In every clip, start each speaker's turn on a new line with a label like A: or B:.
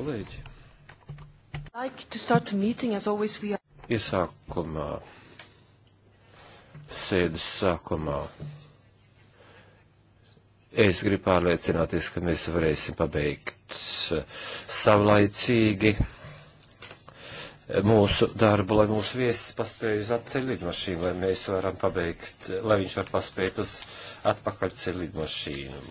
A: kolēģi!
B: Like meeting, always, we...
A: Iesākumā, sēdes sākumā, es gribu pārliecināties, ka mēs varēsim pabeigt eh, savlaicīgi mūsu darbu, lai mūsu viesis paspēj uz atceļ lidmašīnu, lai mēs varam pabeigt, lai viņš var paspēt uz atpakaļ ceļ lidmašīnu.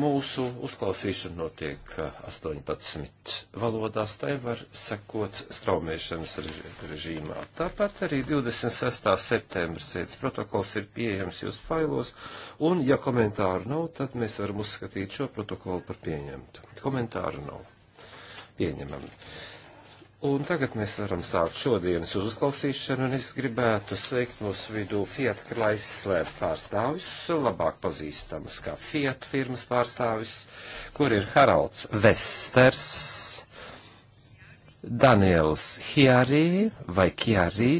A: Mūsu uzklausīšana notiek 18 eh, valodās, tai var sekot straumēšanas režīmā. Tāpat arī 26. septembris sēdz protokols ir pieejams jūsu failos, un ja komentāru nav, tad mēs varam uzskatīt šo protokolu par pieņemtu. Komentāru nav. Pieņemam. Un tagad mēs varam sākt šodienas uzklausīšanu, un es gribētu sveikt mūsu vidū Fiat Chrysler pārstāvis, labāk pazīstamus kā Fiat firmas pārstāvis, kur ir Haralds Vesters, Daniels Hjārī vai Kjārī,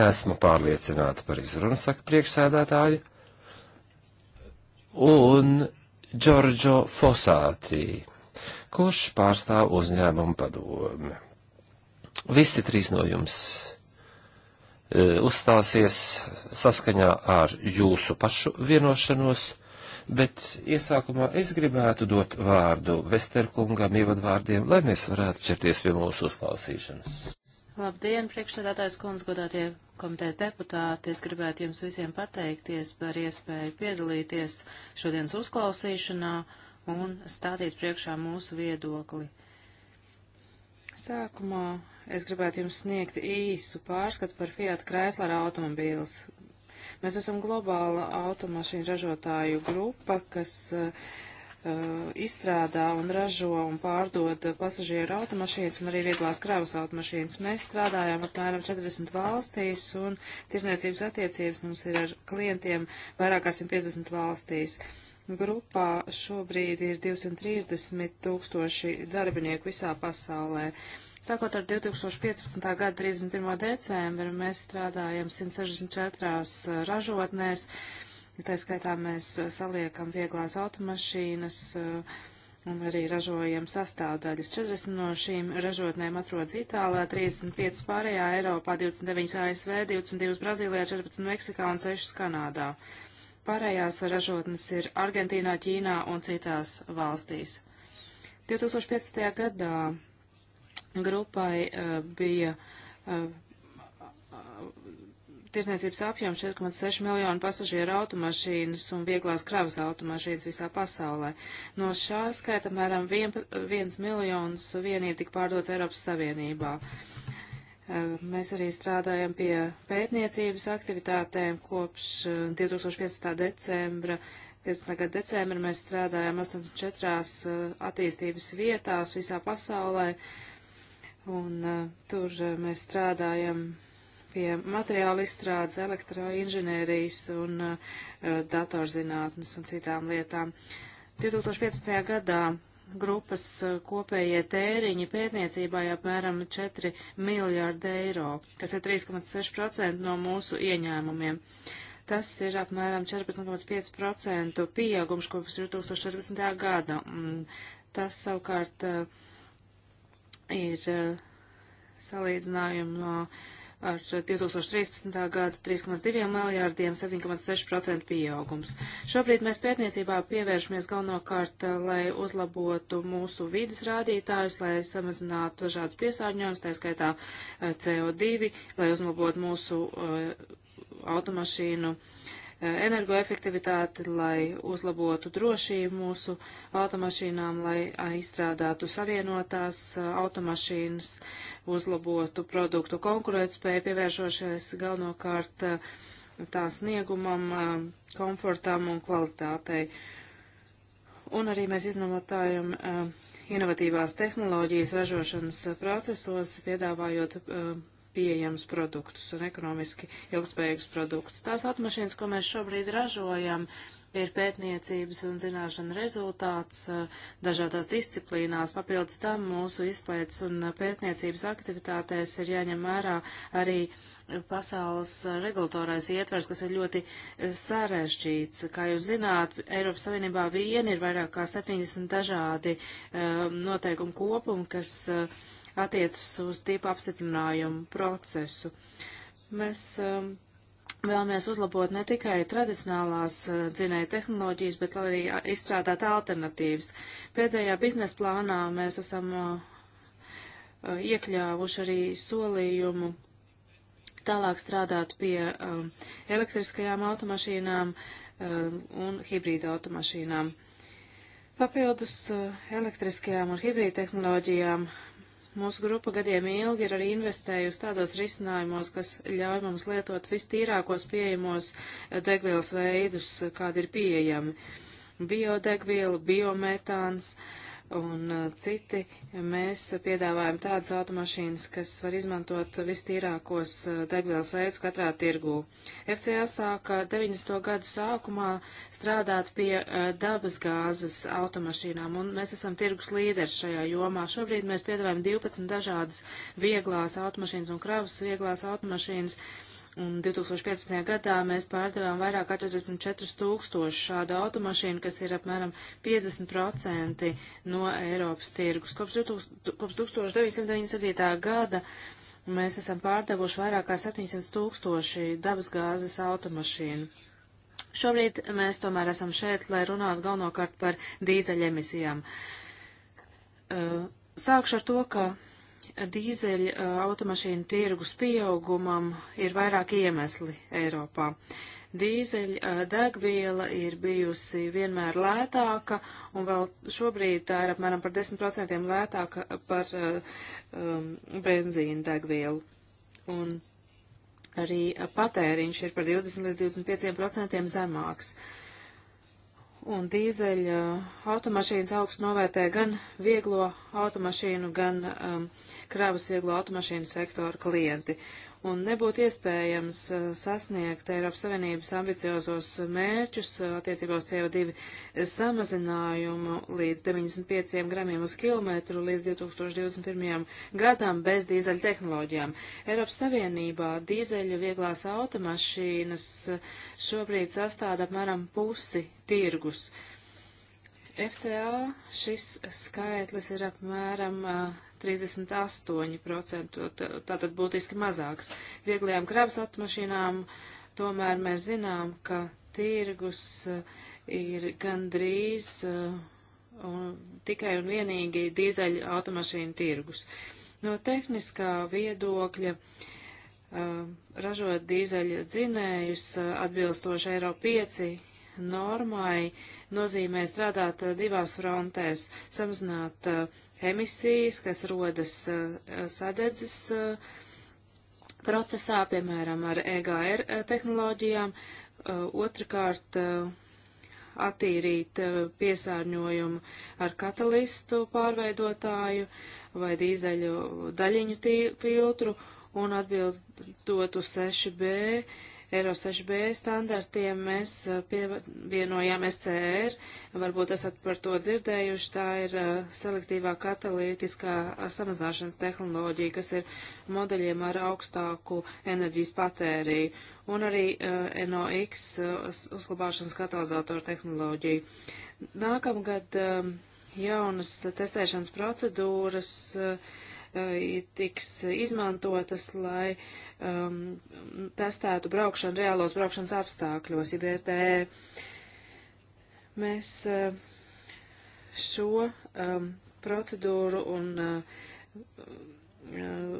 A: nesmu pārliecināta par izrunu, saka priekšsēdētāju, un Giorgio Fosātī, kurš pārstāv uzņēmumu padomi. Visi trīs no jums e, uzstāsies saskaņā ar jūsu pašu vienošanos, bet iesākumā es gribētu dot vārdu Vesterkungam ievadvārdiem, lai mēs varētu ķerties pie mūsu uzklausīšanas.
B: Labdien, priekšsēdētājs kundz, godātie komitejas deputāti. Es gribētu jums visiem pateikties par iespēju piedalīties šodienas uzklausīšanā un stādīt priekšā mūsu viedokli. Uh, Sākumā es gribētu jums sniegt īsu pārskatu par Fiat Chrysler automobīles. Mēs esam globāla automašīnu ražotāju grupa, kas uh, uh, izstrādā un ražo un pārdod pasažieru automašīnas un arī vieglās kravas automašīnas. Mēs strādājām apmēram 40 valstīs un tirniecības attiecības mums ir ar klientiem vairākās 150 valstīs. Uh, grupā šobrīd ir 230 tūkstoši darbinieku visā pasaulē. Sākot ar 2015. gada 31. decembru, mēs strādājam 164 ražotnēs, tā skaitā mēs saliekam vieglās automašīnas uh, un arī ražojam sastāvdaļas. 40 no šīm ražotnēm atrodas Itālijā, 35 pārējā Eiropā, 29 ASV, 22 Brazīlijā, 14 Meksikā un 6 Kanādā. Uh, Pārējās ražotnes ir Argentīnā, Ķīnā un citās valstīs. 2015. gadā grupai uh, bija uh, eh, tirsniecības apjoms 4,6 miljonu pasažieru automašīnas un vieglās kravas automašīnas visā pasaulē. No šā skaita apmēram 1 miljons vienību tika pārdots Eiropas Savienībā. Uh, Ehm, mēs arī strādājam pie pētniecības aktivitātēm kopš 2015. Ehm, decembra. 15. gada decembra mēs strādājam 84 ehm, attīstības vietās visā pasaulē, un tur mēs strādājam pie materiāla izstrādes, elektroinženērijas un datorzinātnes un citām lietām. 2015. gadā grupas eh, kopējie tēriņi pētniecībai apmēram 4 miljārdi eiro, kas ir 3,6% no mūsu ieņēmumiem. Tas ir apmēram 14,5% pieaugums kopš 2014. gada. Mm, tas savukārt eh, ir eh, salīdzinājums no ar 2013. gada 3,2 miljārdiem 7,6% pieaugums. Šobrīd mēs pētniecībā pievēršamies galvenokārt, eh, lai uzlabotu mūsu vidas rādītājus, lai samazinātu dažādus piesārņojumus, tā skaitā eh, CO2, lai uzlabotu mūsu uh, automašīnu uh, energoefektivitāti, lai uzlabotu drošību mūsu automašīnām, lai izstrādātu savienotās automašīnas, uzlabotu produktu konkurētspēju, pievēršošies galvenokārt tā sniegumam, komfortam un kvalitātei. Un arī mēs iznomotājam inovatīvās tehnoloģijas ražošanas procesos, piedāvājot uh, pieejamus produktus un ekonomiski ilgspējīgus produktus. Tās automašīnas, ko mēs šobrīd ražojam, ir pētniecības un zināšana rezultāts eh, dažādās disciplīnās. Papildus tam mūsu izpētes un pētniecības aktivitātēs ir jāņem vērā arī pasaules regulatorais ietvers, kas ir ļoti eh, sarežģīts. Kā jūs zināt, Eiropas Savienībā vien ir vairāk kā 70 dažādi um, noteikumu kopumi, kas uh, attiecas uz tīpa apstiprinājumu procesu. Mēs um, vēlamies uzlabot ne tikai tradicionālās uh, dzinēja tehnoloģijas, bet arī izstrādāt alternatīvas. Pēdējā biznesa plānā mēs esam uh, uh, iekļāvuši arī solījumu tālāk strādāt pie um, elektriskajām automašīnām um, un hibrīda automašīnām. Papildus uh, elektriskajām un hibrīda tehnoloģijām Mūsu grupa gadiem ilgi ir arī investējusi tādos risinājumos, kas ļauj mums lietot vistīrākos pieejamos eh, degvielas veidus, eh, kādi ir pieejami. Biodegviela, biometāns. Uh, un uh, citi, mēs piedāvājam tādas automašīnas, kas var izmantot vistīrākos uh, degvielas veidus katrā tirgū. FCA sāka 90. gadu sākumā strādāt pie uh, dabas gāzes automašīnām, un mēs esam tirgus līderi šajā jomā. Šobrīd mēs piedāvājam 12 dažādas vieglās automašīnas un kravas vieglās automašīnas. Uh, Un 2015. gadā mēs pārdevām vairāk kā 44 tūkstoši šādu automašīnu, kas ir apmēram 50% no Eiropas tirgus. Kopš, 2000, kopš 1997. gada mēs esam pārdevuši vairāk kā 700 tūkstoši dabasgāzes automašīnu. Šobrīd mēs tomēr esam šeit, lai runātu galvenokārt par dīzeļu emisijām. Uh, sākšu ar to, ka dīzeļa uh, automašīnu tirgus pieaugumam ir vairāki iemesli Eiropā. Dīzeļa uh, degviela ir bijusi vienmēr lētāka, un vēl šobrīd tā ir apmēram par 10% lētāka par uh, um, benzīnu degvielu. Un arī patēriņš ir par 20 līdz 25% zemāks. Uh, un dīzeļa uh, automašīnas augstu novērtē gan vieglo automašīnu, gan um, krāvas vieglo automašīnu sektoru klienti. Uh, un nebūtu iespējams eh, sasniegt Eiropas Savienības ambiciozos mērķus eh, attiecībā uz CO2 samazinājumu līdz 95 gramiem uz kilometru līdz 2021. gadam bez dīzeļa tehnoloģijām. Eiropas Savienībā dīzeļa vieglās automašīnas eh, šobrīd sastāda apmēram pusi tirgus. Uh, FCA šis skaitlis ir apmēram 38%, tātad būtiski mazāks. Vieglajām kravas atmašīnām tomēr mēs zinām, ka tirgus ir gandrīz un, tikai un vienīgi dīzeļa automašīnu tirgus. No tehniskā viedokļa ražot dīzeļa dzinējus atbilstoši Eiro 5 normai nozīmē strādāt eh, divās frontēs, samazināt eh, emisijas, kas rodas eh, sadedzes procesā, piemēram, ar EGR tehnoloģijām, otrkārt attīrīt piesārņojumu ar katalistu pārveidotāju vai dīzeļu daļiņu filtru un atbildot uz 6B Eiro 6B standartiem mēs eh, pievienojām SCR, varbūt esat par to dzirdējuši, tā ir eh, selektīvā katalītiskā eh, samazināšanas tehnoloģija, kas ir modeļiem ar augstāku enerģijas patēriju, un arī NOx uzglabāšanas katalizatoru tehnoloģiju. Nākamgad jaunas testēšanas procedūras tiks izmantotas, lai uh, um, testētu braukšanu reālos braukšanas apstākļos, ja BRT. E. Mēs uh, šo um, procedūru un uh, uh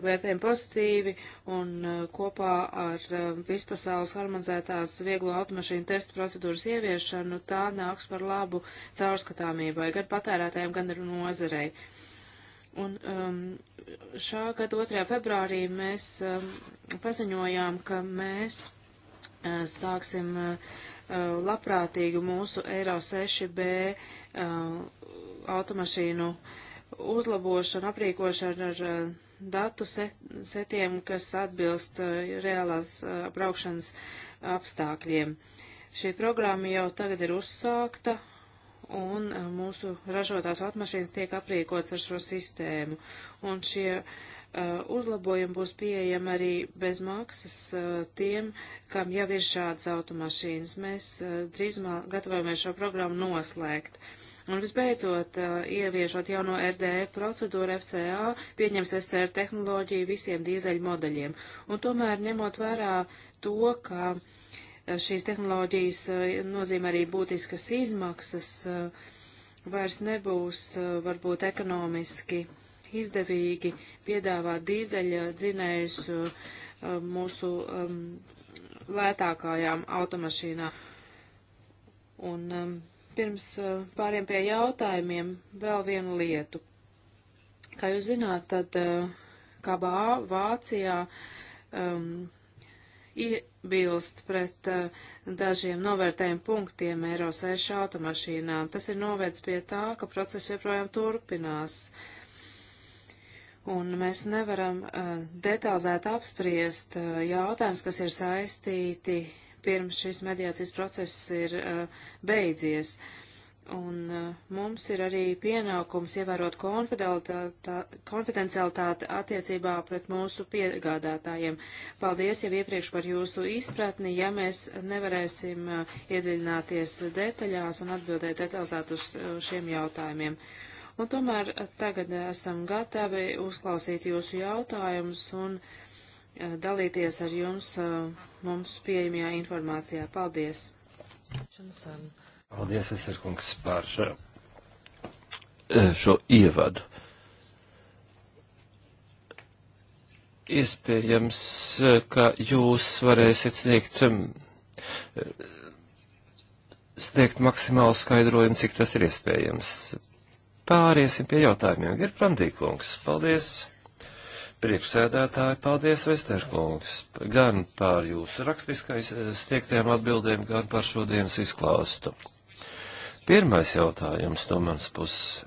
B: vērtējam pozitīvi un uh, kopā ar uh, vispasaules harmonizētās vieglo automašīnu testu procedūras ieviešanu tā nāks par labu caurskatāmībai gan patērētājiem, gan arī nozarei. Uh, Un um, šā gada 2. februārī mēs um, paziņojām, ka mēs uh, sāksim uh, uh labprātīgu mūsu Eiro 6B uh, automašīnu uzlabošanu, aprīkošanu ar uh, datu set, setiem, kas atbilst uh, reālās uh, braukšanas apstākļiem. Šī programma jau tagad ir uzsākta un e, mūsu ražotās automašīnas tiek aprīkots ar šo sistēmu. Un šie uh, uzlabojumi būs pieejami arī bez maksas uh, tiem, kam jau ir šādas automašīnas. Mēs uh, drīzumā gatavojamies šo programmu noslēgt. Un visbeidzot, ieviešot jauno RDE procedūru FCA, pieņems SCR tehnoloģiju visiem dīzeļu modeļiem. Un tomēr ņemot vērā to, ka uh, šīs tehnoloģijas eh, nozīmē arī būtiskas izmaksas, eh, vairs nebūs eh, varbūt ekonomiski izdevīgi piedāvāt dīzeļa dzinējus mūsu um, lētākajām automašīnām. Un um, pirms pāriem pie jautājumiem vēl vienu lietu. Kā jūs zināt, tad KBA Vācijā um, iebilst pret uh, dažiem novērtējumu punktiem Eiro 6 automašīnām. Tas ir novērts pie tā, ka process joprojām turpinās. Un mēs nevaram uh, eh, detalizēt apspriest uh, jautājumus, kas ir saistīti pirms šis mediācijas process ir beidzies. Uh, Un uh, mums ir arī pienākums ievērot konfidencialitāti attiecībā pret mūsu piegādātājiem. Paldies jau iepriekš par jūsu izpratni. Ja mēs nevarēsim uh, iedziļināties detaļās un atbildēt detalizēt uz uh, šiem jautājumiem. Un tomēr uh, tagad uh, esam gatavi uzklausīt jūsu jautājumus un uh, dalīties ar jums mums pieejamajā informācijā. Paldies! Šans, um...
A: Paldies, Eserkungs, par uh, eh, šo ievadu. Iespējams, eh, ka jūs varēsiet sniegt, mm, eh, sniegt maksimālu skaidrojumu, cik tas ir iespējams. Pāriesim pie jautājumiem. Gerprandīkungs, paldies! Priekšsēdētāji, paldies, Vesterkungs, gan par jūsu rakstiskais sniegtiem atbildēm, gan par šodienas izklāstu. Pirmais jautājums no manas puses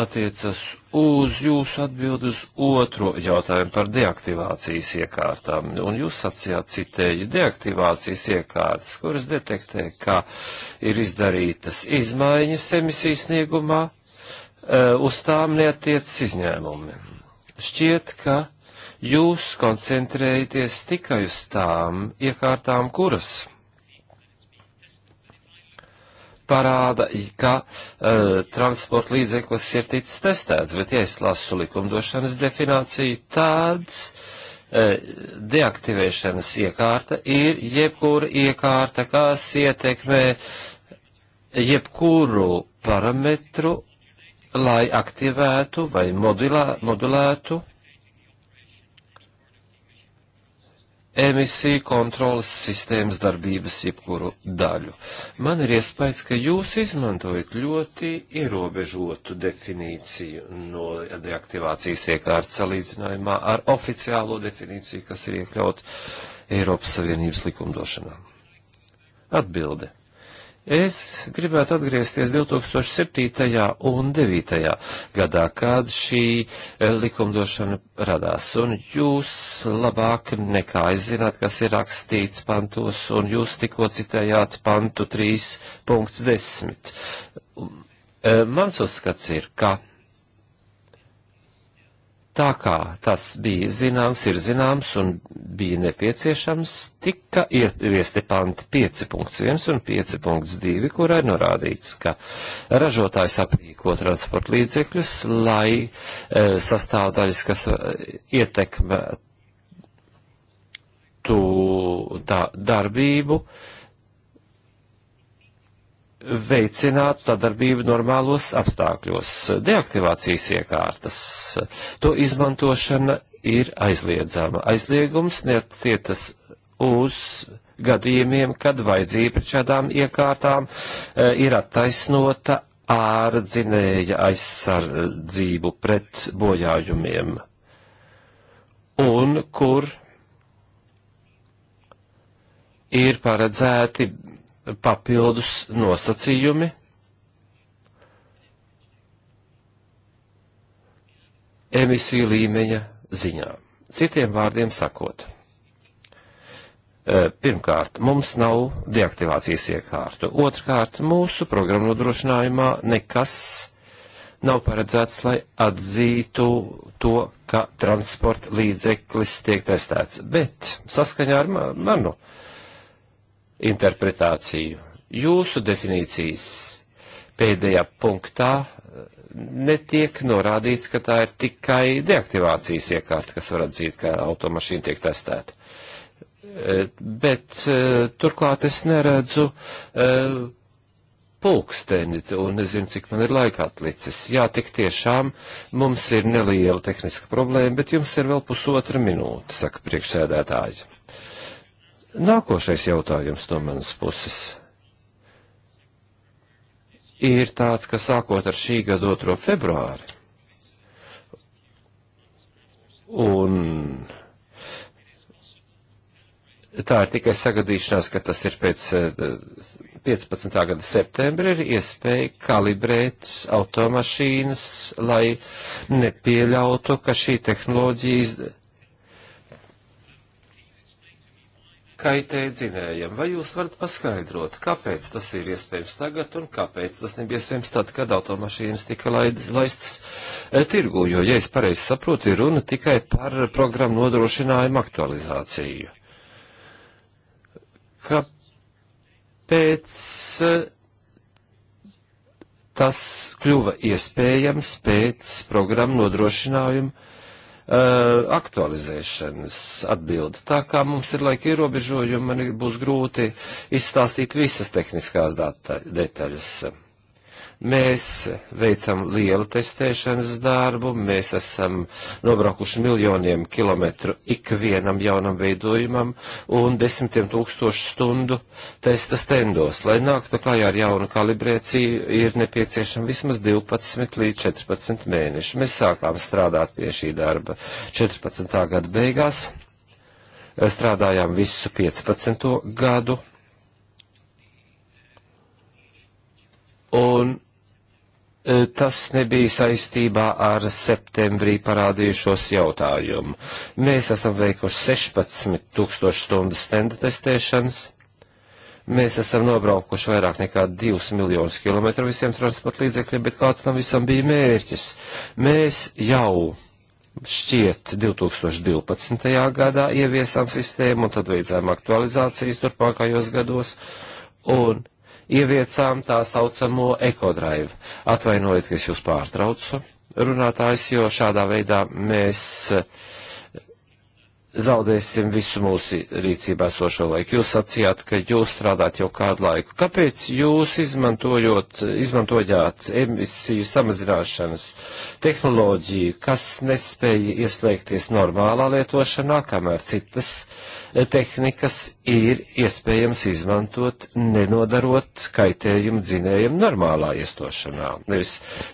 A: attiecas uz jūsu atbildi uz otro jautājumu par deaktivācijas iekārtām. Un jūs sacījāt citēju deaktivācijas iekārtas, kuras detektē, ka ir izdarītas izmaiņas emisijas sniegumā, e, uz tām neatiec izņēmumi. Šķiet, ka jūs koncentrējaties tikai uz tām iekārtām, kuras parāda, ka uh, eh, transporta līdzeklis ir ticis testēts, bet ja es lasu likumdošanas definīciju, tāds uh, eh, deaktivēšanas iekārta ir jebkura iekārta, kas ietekmē jebkuru parametru, lai aktivētu vai modulā, modulētu emisiju kontrolas sistēmas darbības jebkuru daļu. Man ir iespējas, ka jūs izmantojat ļoti ierobežotu definīciju no deaktivācijas iekārtas salīdzinājumā ar oficiālo definīciju, kas ir iekļaut Eiropas Savienības likumdošanā. Atbilde. Es gribētu atgriezties 2007. un 2009. gadā, kad šī eh, likumdošana radās, un jūs labāk nekā es zināt, kas ir rakstīts pantos, un jūs tikko citējāt pantu 3.10. Eh, mans uzskats ir, ka Tā kā tas bija zināms, ir zināms un bija nepieciešams, tika ieviesti panti 5.1 un 5.2, kurā ir norādīts, ka ražotājs aprīko transporta līdzekļus, lai e, sastāvdaļas, kas e, ietekmē tu tā darbību, e, veicinātu tā darbību normālos apstākļos. Deaktivācijas iekārtas, to izmantošana ir aizliedzama. Aizliegums neatcietas uz gadījumiem, kad vajadzība pret šādām iekārtām e, ir attaisnota ar dzinēja aizsardzību pret bojājumiem. Un kur ir paredzēti papildus nosacījumi. Emisiju līmeņa ziņā. Citiem vārdiem sakot, eh, pirmkārt, mums nav deaktivācijas iekārtu. Otrkārt, mūsu programmu nodrošinājumā nekas nav paredzēts, lai atzītu to, ka transporta līdzeklis tiek testēts. Bet saskaņā ar manu. Man, interpretāciju. Jūsu definīcijas pēdējā punktā eh, netiek norādīts, ka tā ir tikai deaktivācijas iekārta, kas var atzīt, ka automašīna tiek testēta. Eh, bet eh, turklāt es neredzu pulksteni, un nezinu, cik man ir laika atlicis. Jā, tik tiešām mums ir neliela tehniska problēma, bet jums ir vēl pusotra minūte, saka priekšsēdētāji. Nākošais jautājums no manas puses ir tāds, ka sākot ar šī gada 2. februāri un tā ir tikai sagadīšanās, ka tas ir pēc 15. Eh, gada septembra, ir iespēja kalibrēt automašīnas, lai nepieļautu, ka šī tehnoloģija kaitē dzinējam. Vai jūs varat paskaidrot, kāpēc tas ir iespējams tagad un kāpēc tas nebija iespējams tad, kad automašīnas tika laid, laistas e, tirgu? Jo, ja es pareizi saprotu, ir runa tikai par programmu nodrošinājumu aktualizāciju. Kāpēc e, tas kļuva iespējams pēc programmu nodrošinājumu? Eh, aktualizēšanas atbildi. Tā kā mums ir laika ierobežojumi, man būs grūti izstāstīt visas tehniskās data, detaļas. Mēs veicam lielu testēšanas darbu, mēs esam nobraukuši miljoniem kilometru ikvienam jaunam veidojumam un desmitiem tūkstošu stundu testa stendos. Lai nāktu klajā ar jaunu kalibrēciju, ir nepieciešama vismaz 12 līdz 14 mēneši. Mēs sākām strādāt pie šī darba 14. gada beigās strādājām visu 15. gadu. Un E, tas nebija saistībā ar septembrī parādījušos jautājumu. Mēs esam veikuši 16 tūkstoši stundu stenda testēšanas. Mēs esam nobraukuši vairāk nekā 2 miljonus kilometru visiem transporta līdzekļiem, bet kāds tam visam bija mērķis? Mēs jau šķiet 2012. gadā ieviesām sistēmu un tad veicām aktualizācijas turpmākajos gados. Un ieviecām tā saucamo ekodrive. Atvainojiet, ka es jūs pārtraucu, runātājs, jo šādā veidā mēs eh, zaudēsim visu mūsu rīcībā esošo laiku. Jūs sacījāt, ka jūs strādājat jau kādu laiku. Kāpēc jūs izmantojot, izmantojāt emisiju samazināšanas tehnoloģiju, kas nespēja ieslēgties normālā lietošanā, kamēr citas uh, tehnikas ir iespējams izmantot, nenodarot kaitējumu dzinējumu normālā iestošanā. Nevis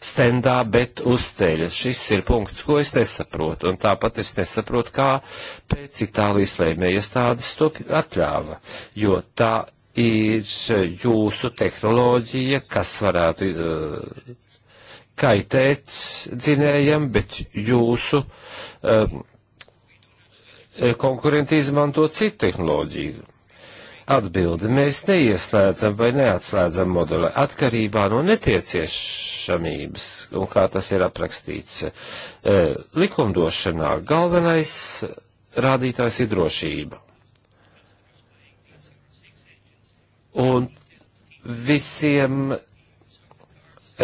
A: stendā, bet uz ceļa. Šis ir punkts, ko es nesaprotu, un tāpat es nesaprotu, kā pēc Itālijas lēmējas tādas to atļāva, jo tā ir jūsu tehnoloģija, kas varētu uh, kaitēt dzinējam, bet jūsu um, uh, E, konkurenti izmanto citu tehnoloģiju. Atbildi mēs neieslēdzam vai neatslēdzam modeli atkarībā no nepieciešamības un kā tas ir aprakstīts e, likumdošanā. Galvenais rādītājs ir drošība. Un visiem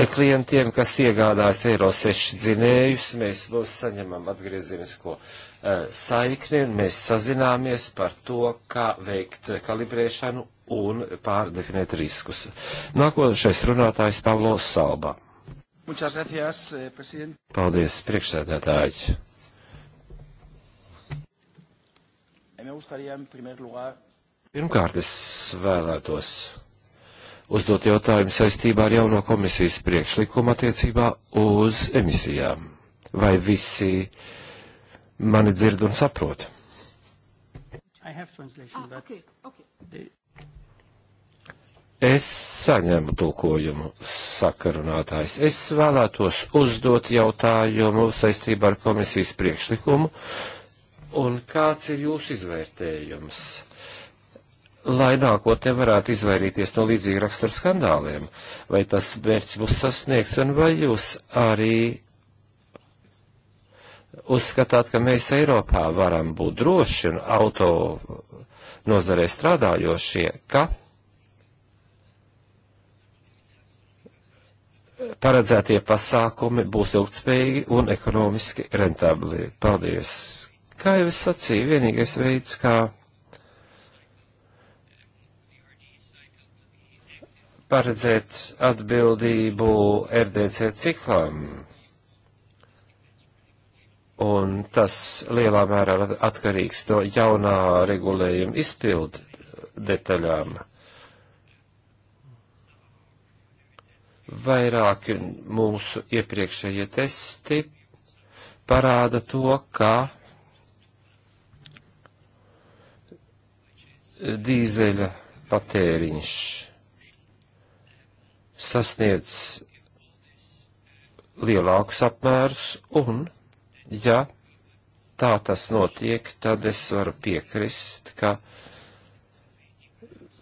A: klientiem, kas iegādājas Eiro 6 dzinējus, mēs būs saņemam atgriezinisko e, saikni un mēs sazināmies par to, kā veikt kalibrēšanu un pārdefinēt riskus. Nākošais runātājs Pavlo Salba. Gracias, eh, Paldies, priekšsēdētāji. Eh, Pirmkārt, es vēlētos uzdot jautājumu saistībā ar jauno komisijas priekšlikumu attiecībā uz emisijām. Vai visi mani dzird un saprot?
B: Ah, okay, okay.
A: Es saņemu tulkojumu sakarunātājs. Es vēlētos uzdot jautājumu saistībā ar komisijas priekšlikumu. Un kāds ir jūsu izvērtējums? lai nākotnē varētu izvairīties no līdzīgu raksturu skandāliem? Vai tas mērķis būs sasniegts, un vai jūs arī uzskatāt, ka mēs Eiropā varam būt droši un auto nozarē strādājošie, ka paredzētie pasākumi būs ilgtspējīgi un ekonomiski rentabli. Paldies! Kā jau es sacīju, vienīgais veids, kā paredzēt atbildību RDC ciklam. Un tas lielā mērā atkarīgs no jaunā regulējuma izpildu detaļām. Vairāki mūsu iepriekšējie testi parāda to, ka dīzeļa patēriņš sasniedz lielākus apmērus, un, ja tā tas notiek, tad es varu piekrist, ka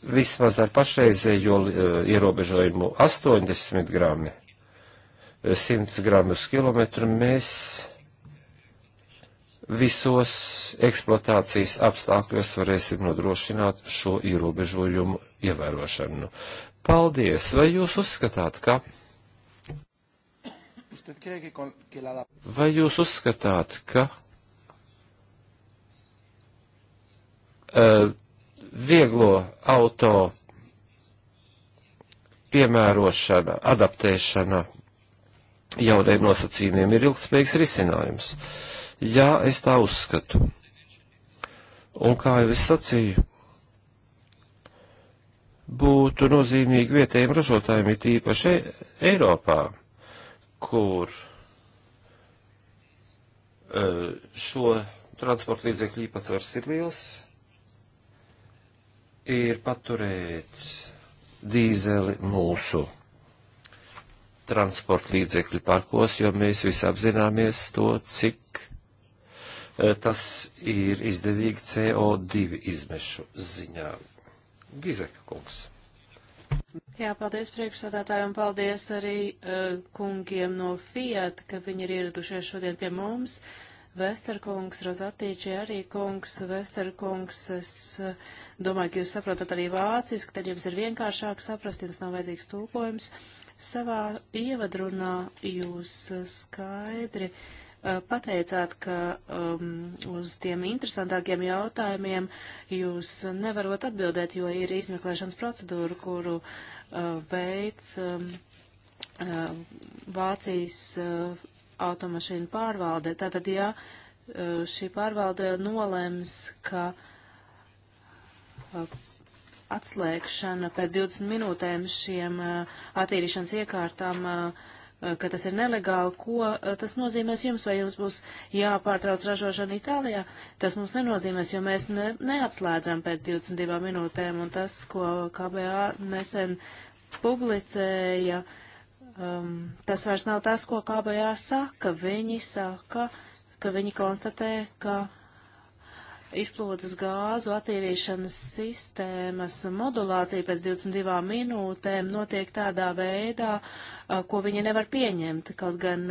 A: vismaz ar pašreizējo eh, ierobežojumu 80 grami, 100 grami uz kilometru mēs visos eksploatācijas apstākļos varēsim nodrošināt šo ierobežojumu ievērošanu. Paldies! Vai jūs uzskatāt, ka. Vai jūs uzskatāt, ka. Uh, vieglo auto piemērošana, adaptēšana jauniem nosacījumiem ir ilgspējīgs risinājums. Jā, es tā uzskatu. Un kā jau es sacīju, būtu nozīmīgi vietējiem ražotājiem, it īpaši Eiropā, kur eh, šo transporta līdzekļu īpatsvars ir liels, ir paturēt dīzeli mūsu transporta līdzekļu parkos, jo mēs visi apzināmies to, cik eh, tas ir izdevīgi CO2 izmešu ziņām. Gizeka kungs.
B: Jā, paldies priekšsādātājiem, paldies arī uh, kungiem no Fiat, ka viņi ir ieradušies šodien pie mums. Vesterkungs, Rozatīči arī kungs, Vesterkungs, es uh, domāju, ka jūs saprotat arī vāciski, tad jums ir vienkāršāk saprast, jums nav vajadzīgs tūkojums. Savā ievadrunā jūs eh, skaidri Eh, pateicāt, ka um, uz tiem interesantākiem jautājumiem jūs nevarot atbildēt, jo ir izmeklēšanas procedūra, kuru uh, veids um, uh, Vācijas uh, automašīnu pārvalde. Tātad, ja uh, šī pārvalde nolems, ka uh, atslēgšana pēc 20 minūtēm šiem uh, attīrīšanas iekārtām uh, Eh, ka tas ir nelegāli, ko eh, tas nozīmēs jums, vai jums būs jāpārtrauc ražošana Itālijā. Tas mums nenozīmēs, jo mēs ne, neatslēdzam pēc 22 minūtēm, un tas, ko KBA nesen publicēja, um, tas vairs nav tas, ko KBA saka. Viņi saka, ka viņi konstatē, ka izplūdes gāzu attīrīšanas sistēmas modulācija pēc 22 minūtēm notiek tādā veidā, ko viņi nevar pieņemt, kaut gan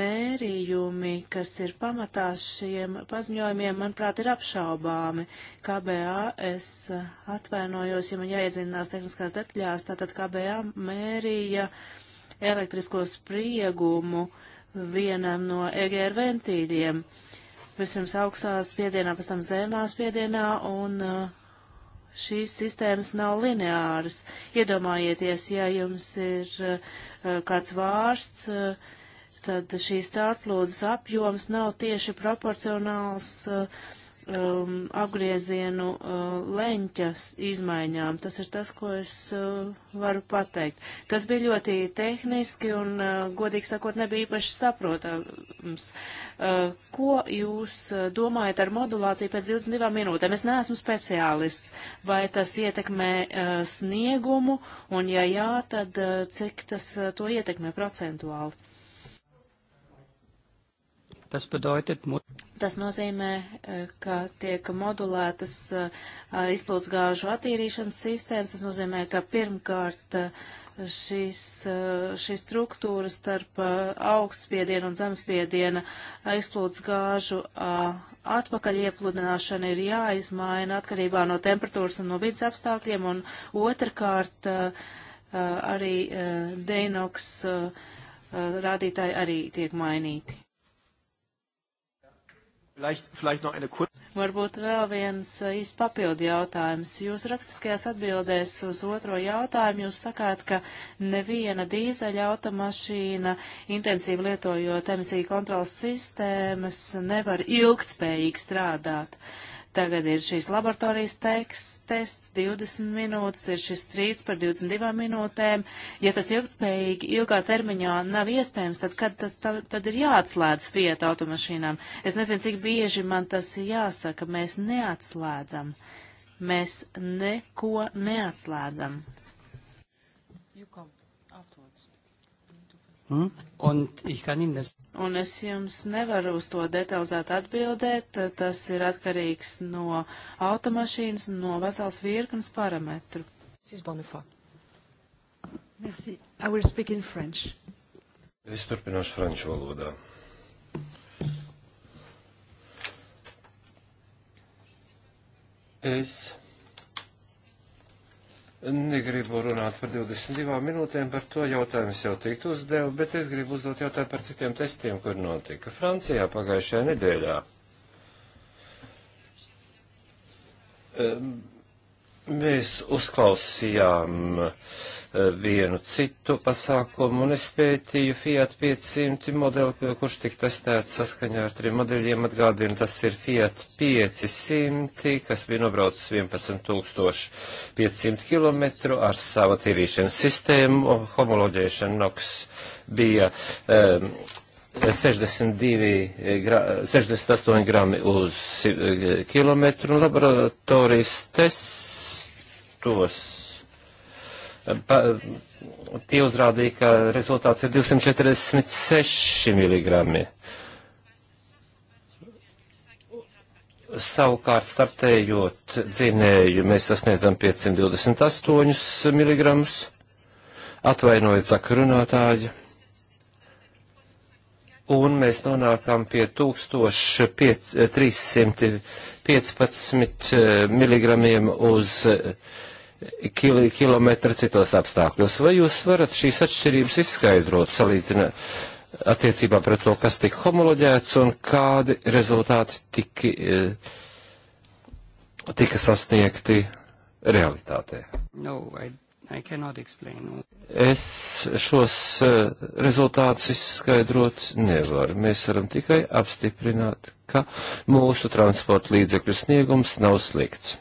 B: mērījumi, kas ir pamatā šiem paziņojumiem, manuprāt, ir apšaubāmi. KBA, es atvainojos, ja man jāiedzinās tehniskās detaļās, tātad KBA mērīja elektrisko spriegumu vienam no EGR ventīļiem. Vispirms augstā spiedienā, pēc tam zemā spiedienā, un uh, šīs sistēmas nav lineāras. Iedomājieties, ja jums ir uh, kāds vārsts, uh, tad šīs caurplūdes apjoms nav tieši proporcionāls uh, um, apgriezienu uh, leņķas izmaiņām. Tas ir tas, ko es uh, varu pateikt. Tas bija ļoti tehniski un, uh, godīgi sakot, nebija īpaši saprotams. Uh, ko jūs uh, domājat ar modulāciju pēc 22 minūtēm? Es neesmu speciālists. Vai tas ietekmē uh, sniegumu? Un, ja jā, tad uh, cik tas uh, to ietekmē procentuāli?
A: Tas, bedeutet,
B: Tas nozīmē, e, ka tiek modulētas e, izpildus gāžu attīrīšanas sistēmas. Tas nozīmē, ka pirmkārt e, šīs, šī struktūra starp augstspiediena un zemspiediena izplūdes gāžu atpakaļ iepludināšana ir jāizmaina atkarībā no temperatūras un no vidas apstākļiem, un otrkārt arī deinoks rādītāji arī tiek mainīti.
C: Varbūt
B: vēl viens uh, īsts papildu jautājums. Jūs rakstiskajās atbildēs uz otro jautājumu jūs sakāt, ka neviena dīzeļa automašīna intensīvi lietojot emisiju kontrolas sistēmas nevar ilgtspējīgi strādāt. Uh, Tagad ir šīs laboratorijas teks, tests 20 minūtes, ir šis strīds par 22 minūtēm. Ja tas ilgspējīgi ilgā termiņā nav iespējams, tad kad tas, tad, tad ir jāatslēdz Fiat automašīnām? Es nezinu, cik bieži man tas jāsaka, mēs neatslēdzam. Mēs neko neatslēdzam.
C: Hmm? Un,
B: das... un es jums nevaru uz to detalizēt atbildēt, tas ir atkarīgs no automašīnas un no vesels virknes parametru.
A: Es turpināšu franču valodā. Es negribu runāt par 22 minūtēm, par to jautājums jau tikt uzdevu, bet es gribu uzdot jautājumu par citiem testiem, kur notika Francijā pagājušajā nedēļā. Ehm, mēs uzklausījām uh, vienu citu pasākumu, un es pētīju Fiat 500 modeli, kurš tika testēts saskaņā ar trim modeļiem. Atgādinu, tas ir Fiat 500, kas bija nobraucis 11500 km ar savu tīrīšanas sistēmu, homoloģēšana NOX bija. Um, 62, 68 grami uz kilometru un laboratorijas testos pa, tie uzrādīja, ka rezultāts ir 246 mg. Savukārt, startējot dzinēju, mēs sasniedzam 528 mg. Atvainojiet, saka runātāji. Un mēs nonākam pie 1315 mg uz 1 kil, kilometri citos apstākļos. Vai jūs varat šīs atšķirības izskaidrot, salīdzināt attiecībā pret to, kas tika homoloģēts un kādi rezultāti tiki, eh, tika sasniegti realitātē? No, I, I es šos eh, rezultātus izskaidrot nevaru. Mēs varam tikai apstiprināt, ka mūsu transporta līdzekļu sniegums nav slikts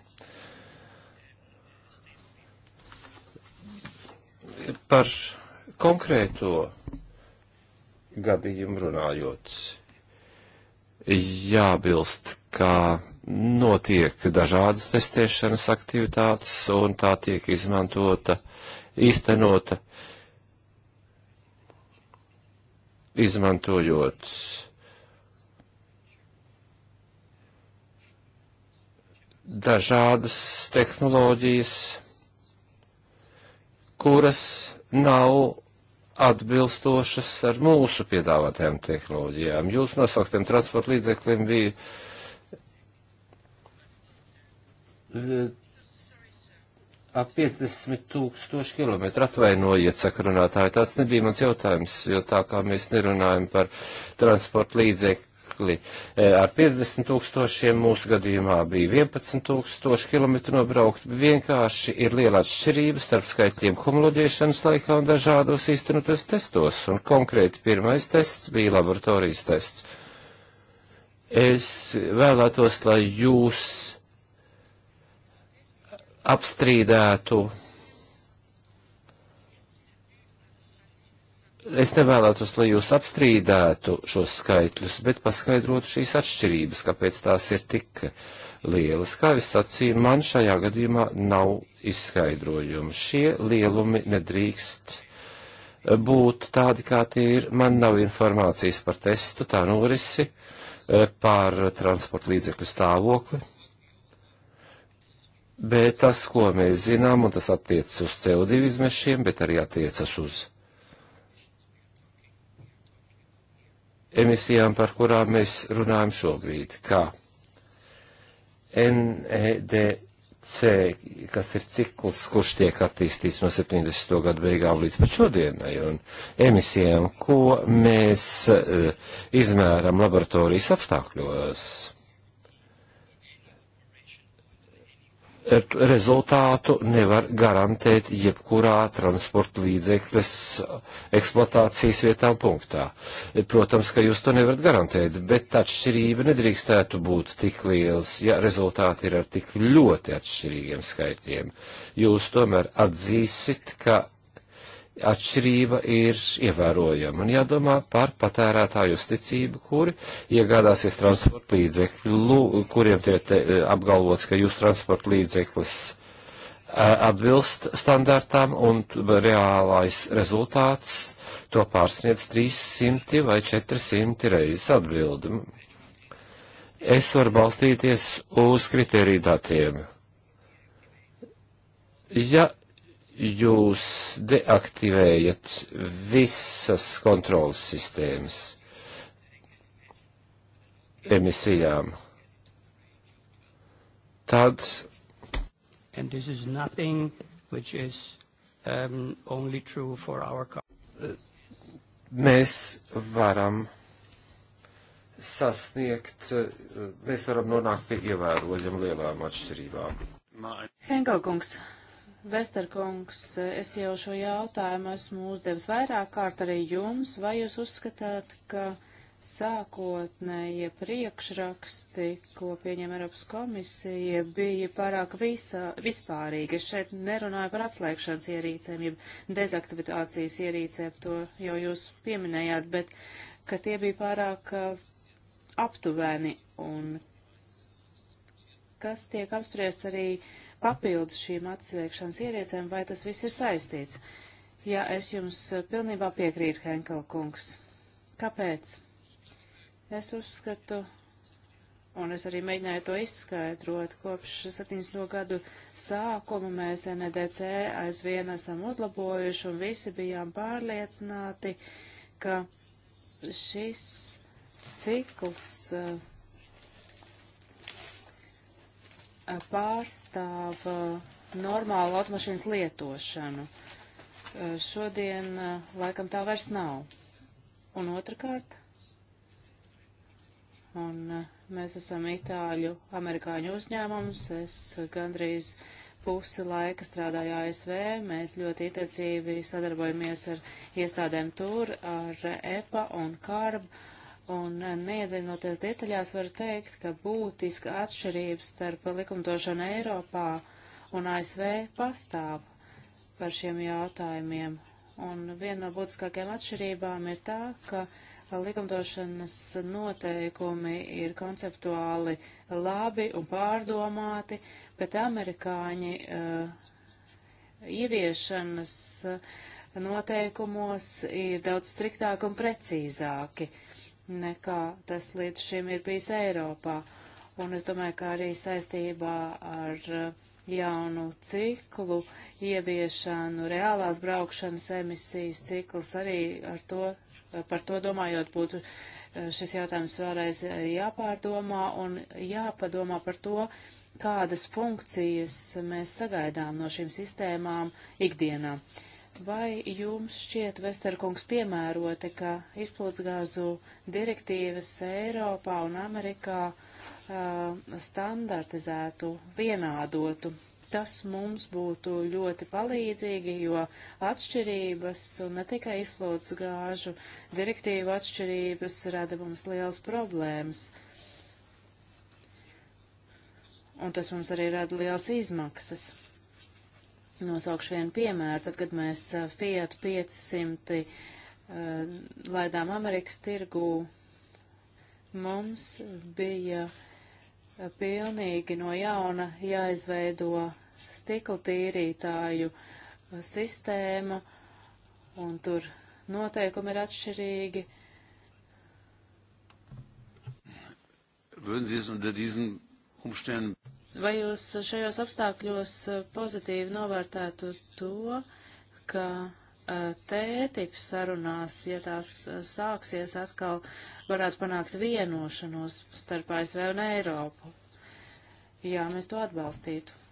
A: par konkrēto gadījumu runājot, jābilst, ka notiek dažādas testēšanas aktivitātes un tā tiek izmantota, īstenota, izmantojot dažādas tehnoloģijas, kuras nav atbilstošas ar mūsu piedāvātajām tehnoloģijām. Jūs nosauktiem transporta līdzekļiem bija eh, ap 50 tūkstoši kilometru. Atvainojiet, saka runātāji, tāds nebija mans jautājums, jo tā kā mēs nerunājam par transporta līdzekļu apstākli e, ar 50 tūkstošiem, mūsu gadījumā bija 11 tūkstoši kilometru nobraukt. Vienkārši ir liela atšķirība starp skaitļiem homoloģēšanas laikā un dažādos īstenotos testos, un konkrēti pirmais tests bija laboratorijas tests. Es vēlētos, lai jūs apstrīdētu Es nevēlētos, lai jūs apstrīdētu šos skaitļus, bet paskaidrotu šīs atšķirības, kāpēc tās ir tik lielas. Kā es sacīju, man šajā gadījumā nav izskaidrojumu. Šie lielumi nedrīkst būt tādi, kā tie ir. Man nav informācijas par testu, tā norisi, par transporta līdzekļu stāvokli. Bet tas, ko mēs zinām, un tas attiecas uz CO2 izmešiem, bet arī attiecas uz emisijām, par kurām mēs runājam šobrīd, kā NEDC, kas ir cikls, kurš tiek attīstīts no 70. gadu beigām līdz pat šodienai, un emisijām, ko mēs eh, izmēram laboratorijas apstākļos rezultātu nevar garantēt jebkurā transporta līdzekļas eksploatācijas vietā un punktā. Protams, ka jūs to nevarat garantēt, bet atšķirība nedrīkstētu būt tik liels, ja rezultāti ir ar tik ļoti atšķirīgiem skaitļiem. Jūs tomēr atzīsit, ka atšķirība ir ievērojama. Un jādomā par patērētāju uzticību, kuri iegādāsies transporta līdzekļu, kuriem tiek eh, apgalvots, ka jūs transporta līdzeklis eh, atbilst standartām un reālais rezultāts to pārsniedz 300 vai 400 reizes atbildi. Es varu balstīties uz kriteriju datiem. Ja jūs deaktivējat visas kontrolas sistēmas emisijām, tad. And this is nothing which is um, only true for our Mēs varam sasniegt, mēs varam nonākt pie ievērojam lielām atšķirībām.
B: Hengelkungs, Vesterkungs, es jau šo jautājumu esmu uzdevis vairāk kārt arī jums, vai jūs uzskatāt, ka sākotnējie priekšraksti, ko pieņem Eiropas komisija, bija pārāk visa, vispārīgi. Es šeit nerunāju par atslēgšanas ierīcēm, jeb dezaktivitācijas ierīcēm, to jau jūs pieminējāt, bet ka tie bija pārāk uh, aptuveni un kas tiek apspriests arī uh, papildus šīm atsveikšanas ierīcēm, vai tas viss ir saistīts. Jā, es jums eh, pilnībā piekrītu, Henkel kungs. Kāpēc? Es uzskatu, un es arī mēģināju to izskaidrot, kopš 70. gadu sākuma mēs NDC e aizvien esam uzlabojuši un visi bijām pārliecināti, ka šis cikls uh, pārstāv uh, normālu automašīnas lietošanu. Uh, šodien uh, laikam tā vairs nav. Un otrkārt, un mēs esam itāļu amerikāņu uzņēmums, es gandrīz pusi laika strādāju ASV, mēs ļoti intensīvi sadarbojamies ar iestādēm tur, ar EPA un KARB Un eh, neiedziļinoties detaļās, var teikt, ka būtiska atšķirības starp likumdošanu Eiropā un ASV pastāv par šiem jautājumiem. Un viena no būtiskākajām atšķirībām ir tā, ka likumdošanas noteikumi ir konceptuāli labi un pārdomāti, bet amerikāņi uh, ieviešanas eh, noteikumos ir daudz striktāk un precīzāki. Uh, nekā tas līdz šim ir bijis Eiropā. Un es domāju, ka arī saistībā ar uh, jaunu ciklu ieviešanu, reālās braukšanas emisijas cikls arī ar to, uh, par to domājot būtu uh, šis jautājums vēlreiz jāpārdomā un jāpadomā par to, kādas funkcijas mēs sagaidām no šīm sistēmām ikdienā. Uh, Vai jums šķiet, Vesterkungs, piemēroti, ka izplūdzgāzu direktīvas Eiropā un Amerikā uh, standartizētu, vienādotu? Tas mums būtu ļoti palīdzīgi, jo atšķirības, un ne tikai izplūdzgāžu direktīvu atšķirības, rada mums liels problēmas. Un tas mums arī rada liels izmaksas. Nosaukšu vienu piemēru, tad, kad mēs Fiat 500 uh, laidām Amerikas tirgū, mums bija pilnīgi no jauna jāizveido stikla tīrītāju sistēma, un tur noteikumi ir atšķirīgi. Würden Sie es unter diesen Umständen Vai jūs šajos apstākļos eh, pozitīvi novērtētu to, ka eh, tētips sarunās, ja tās eh, sāksies atkal, varētu panākt vienošanos starp ASV un Eiropu? Jā, mēs to atbalstītu.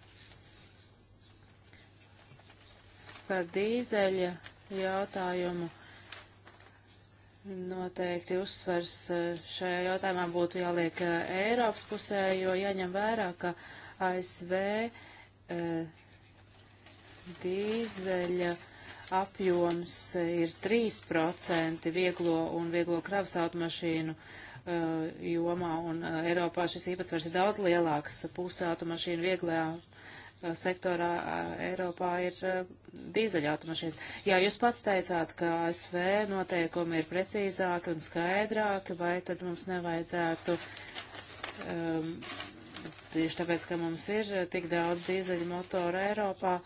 B: Par dīzeļa jautājumu Noteikti uzsvers eh, šajā jautājumā būtu jāliek eh, Eiropas pusē, jo jāņem vērā, ka ASV e, eh, dīzeļa apjoms ir 3% vieglo un vieglo kravas automašīnu e, jomā, un Eiropā šis īpatsvars ir daudz lielāks. Puse automašīnu vieglajā sektorā Eiropā ir dīzeļautomašīnas. Jā, jūs pats teicāt, ka ASV noteikumi ir precīzāki un skaidrāki, vai tad mums nevajadzētu, um, tieši tāpēc, ka mums ir tik daudz dīzeļu motoru Eiropā,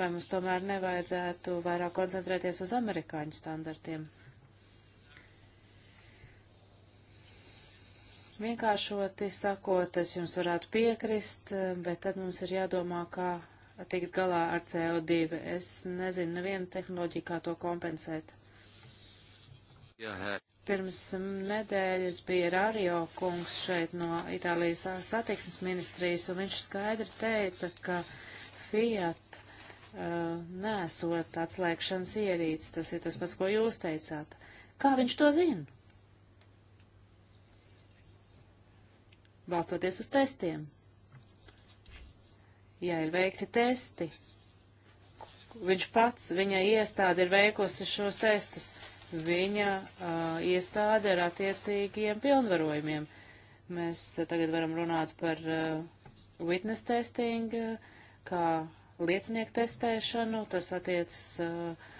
B: vai mums tomēr nevajadzētu vairāk koncentrēties uz amerikāņu standartiem? Vienkāršoti sakot, es jums varētu piekrist, bet tad mums ir jādomā, kā tikt galā ar CO2. Es nezinu nevienu tehnoloģiju, kā to kompensēt. Jā, Pirms nedēļas bija Rārio kungs šeit no Itālijas satiksmes ministrijas, un viņš skaidri teica, ka Fiat uh, nesot atslēgšanas ierīces. Tas ir tas pats, ko jūs teicāt. Kā viņš to zina? balstoties uz testiem. Ja ir veikti testi, viņš pats, viņa iestāde ir veikusi šos testus, viņa uh, iestāde ar attiecīgiem pilnvarojumiem. Mēs uh, tagad varam runāt par uh, witness testing, uh, kā liecinieku testēšanu, tas attiecas uh,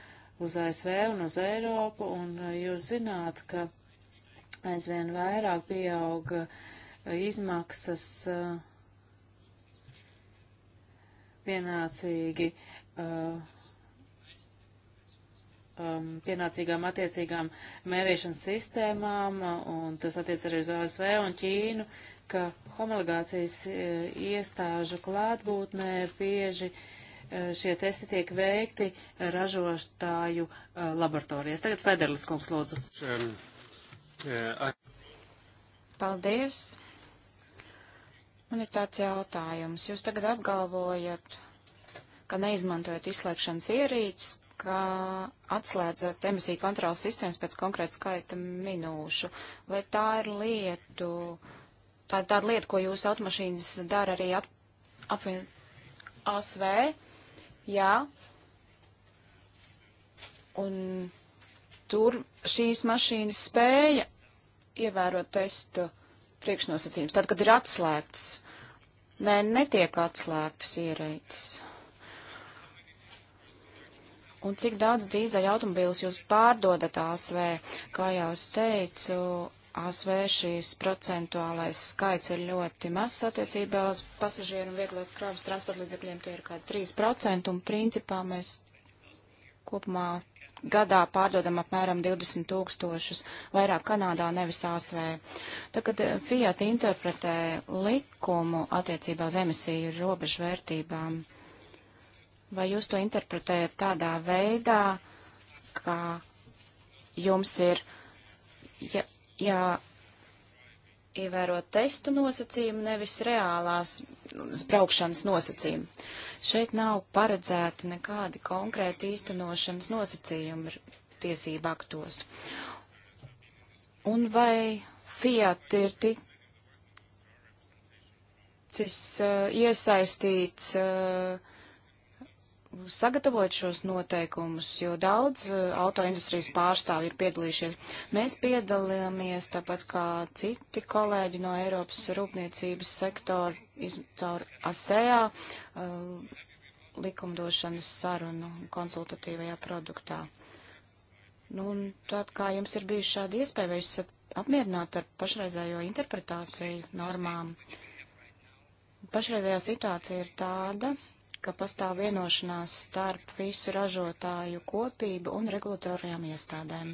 B: uz ASV un uz Eiropu, un uh, jūs zināt, ka aizvien vairāk pieauga uh, izmaksas eh, pienācīgi eh, um, pienācīgām attiecīgām mērīšanas sistēmām, un tas attiec arī uz ASV un Ķīnu, ka homologācijas eh, iestāžu klātbūtnē bieži šie testi tiek veikti ražotāju laboratorijas. Tagad Federlis kungs lūdzu.
C: Paldies. Man ir tāds jautājums. Jūs tagad apgalvojat, ka neizmantojat izslēgšanas ierīces, ka atslēdzat emisiju kontrolas sistēmas pēc konkrēta skaita minūšu. Vai tā ir lietu, tā ir tāda lieta, ko jūsu automašīnas dara arī at, apvien ASV? Jā. Un tur šīs mašīnas spēja ievērot testu uh, priekšnosacījums. Tad, kad ir atslēgts, nē, netiek atslēgtas ierēķis. Un cik daudz dīzeļa automobīlus jūs pārdodat ASV? Kā jau es teicu, ASV šīs procentuālais skaits ir ļoti mazs attiecībā uz pasažieru un vieglo kravas transporta līdzekļiem. Tie ir kādi 3%, un principā mēs kopumā gadā pārdodam apmēram 20 tūkstošus vairāk Kanādā, nevis ASV. Tad, kad eh, Fiat interpretē likumu attiecībā uz emisiju robežvērtībām, vai jūs to interpretējat tādā veidā, ka jums ir jā, jā ievērot testu nosacījumu, nevis reālās braukšanas nosacījumu? Šeit nav paredzēti nekādi konkrēti īstenošanas nosacījumi tiesību aktos. Un vai Fiat ir ticis uh, iesaistīts uh, sagatavot šos noteikumus, jo daudz eh, autoindustrijas pārstāvji ir piedalījušies. Mēs piedalījāmies tāpat kā citi kolēģi no Eiropas rūpniecības sektora iz, caur ASEA uh, likumdošanas sarunu konsultatīvajā produktā. Nu, un tad, kā jums ir bijusi šāda iespēja, vai jūs esat apmierināti ar pašreizējo interpretāciju normām? Pašreizējā situācija ir tāda, ka pastāv vienošanās starp visu ražotāju kopību un regulatorijām iestādēm.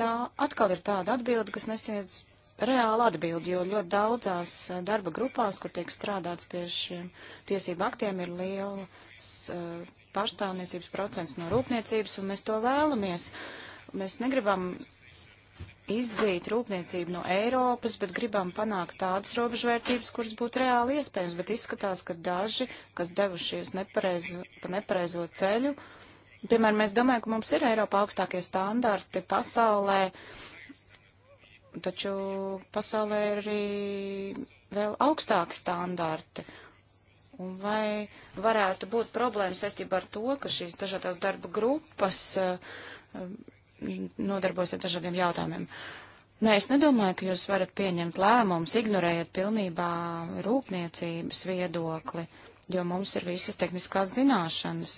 C: Tā atkal ir tāda atbilde, kas nesniedz reāla atbildi, jo ļoti daudzās darba grupās, kur tiek strādāts pie šiem tiesību aktiem, ir liels uh, pārstāvniecības procents no rūpniecības, un mēs to vēlamies. Mēs negribam izdzīt rūpniecību no Eiropas, bet gribam panākt tādas robežvērtības, kuras būtu reāli iespējams, bet izskatās, ka daži, kas devušies nepareizo, pa nepareizo ceļu, piemēram, mēs domājam, ka mums ir Eiropā augstākie standarti pasaulē, taču pasaulē ir arī vēl augstāki standarti. Un vai varētu būt problēmas saistībā ar to, ka šīs dažādās darba grupas uh, nodarbojas ar dažādiem jautājumiem. Nē, es nedomāju, ka jūs varat pieņemt lēmumus, ignorējot pilnībā rūpniecības viedokli, jo mums ir visas tehniskās zināšanas.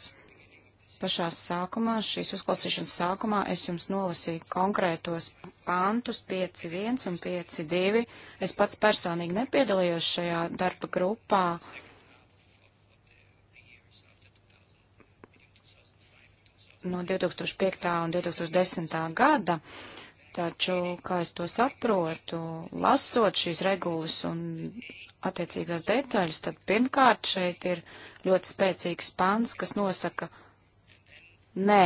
C: Pašā sākumā, šīs uzklausīšanas sākumā, es jums nolasīju konkrētos pantus 5.1 un 5.2. Es pats personīgi nepiedalījos šajā darba grupā. Uh, no 2005. un 2010. gada, taču, kā es to saprotu, lasot šīs regulas un attiecīgās detaļas, tad pirmkārt šeit ir ļoti spēcīgs pants, kas nosaka nē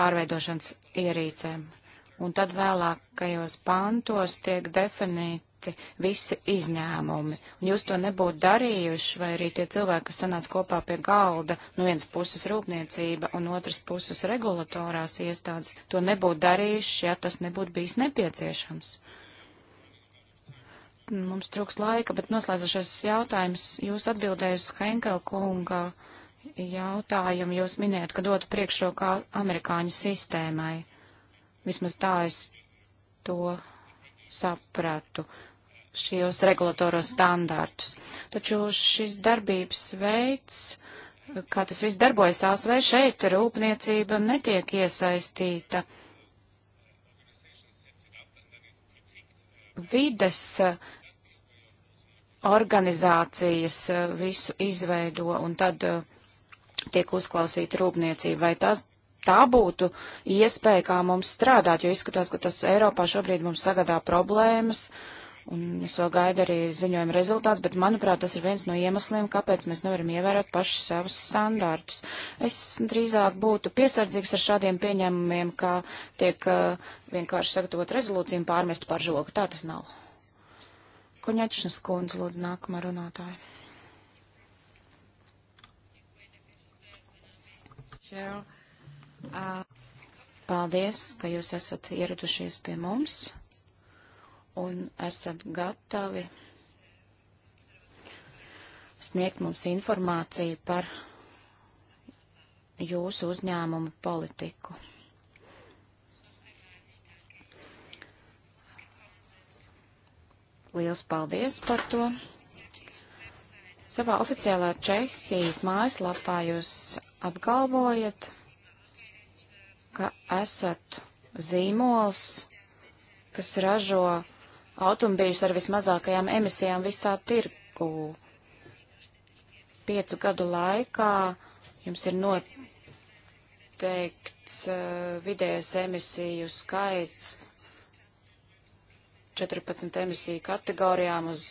C: pārveidošanas ierīcēm. Un tad vēlākajos pantos tiek definīti pieminēti visi izņēmumi. Un jūs to nebūtu darījuši, vai arī tie cilvēki, kas sanāca kopā pie galda, no nu vienas puses rūpniecība un otras puses regulatorās iestādes, to nebūtu darījuši, ja tas nebūtu bijis nepieciešams. Mums trūks laika, bet noslēdzošais jautājums. Jūs atbildējus Henkel kunga jautājumu, jūs minējat, ka dotu priekšroku amerikāņu sistēmai. Vismaz tā es to sapratu šos regulatoros standārtus. Taču šis darbības veids, kā tas viss darbojas ASV, šeit rūpniecība netiek iesaistīta. Vides organizācijas visu izveido un tad uh, tiek uzklausīta rūpniecība. Vai tas, tā būtu iespēja, kā mums strādāt, jo izskatās, ka tas Eiropā šobrīd mums sagādā problēmas, uh, Un es vēl gaidu arī ziņojuma rezultāts, bet, manuprāt, tas ir viens no iemesliem, kāpēc mēs nevaram ievērot pašus savus standārtus. Es drīzāk būtu piesardzīgs ar šādiem pieņēmumiem, kā tiek uh, vienkārši sagatavot rezolūciju un pārmest par žogu. Tā tas nav. Koņečnas kundze, lūdzu, nākamā runātāja. Uh, Paldies, ka jūs esat ieradušies pie mums un esat gatavi sniegt mums informāciju par jūsu uzņēmumu politiku. Liels paldies par to! Savā oficiālā Čehijas mājaslapā jūs apgalvojat, ka esat zīmols, kas ražo automobīļus ar vismazākajām emisijām visā tirgu. Piecu gadu laikā jums ir noteikts uh, vidējais emisiju skaits 14 emisiju kategorijām uz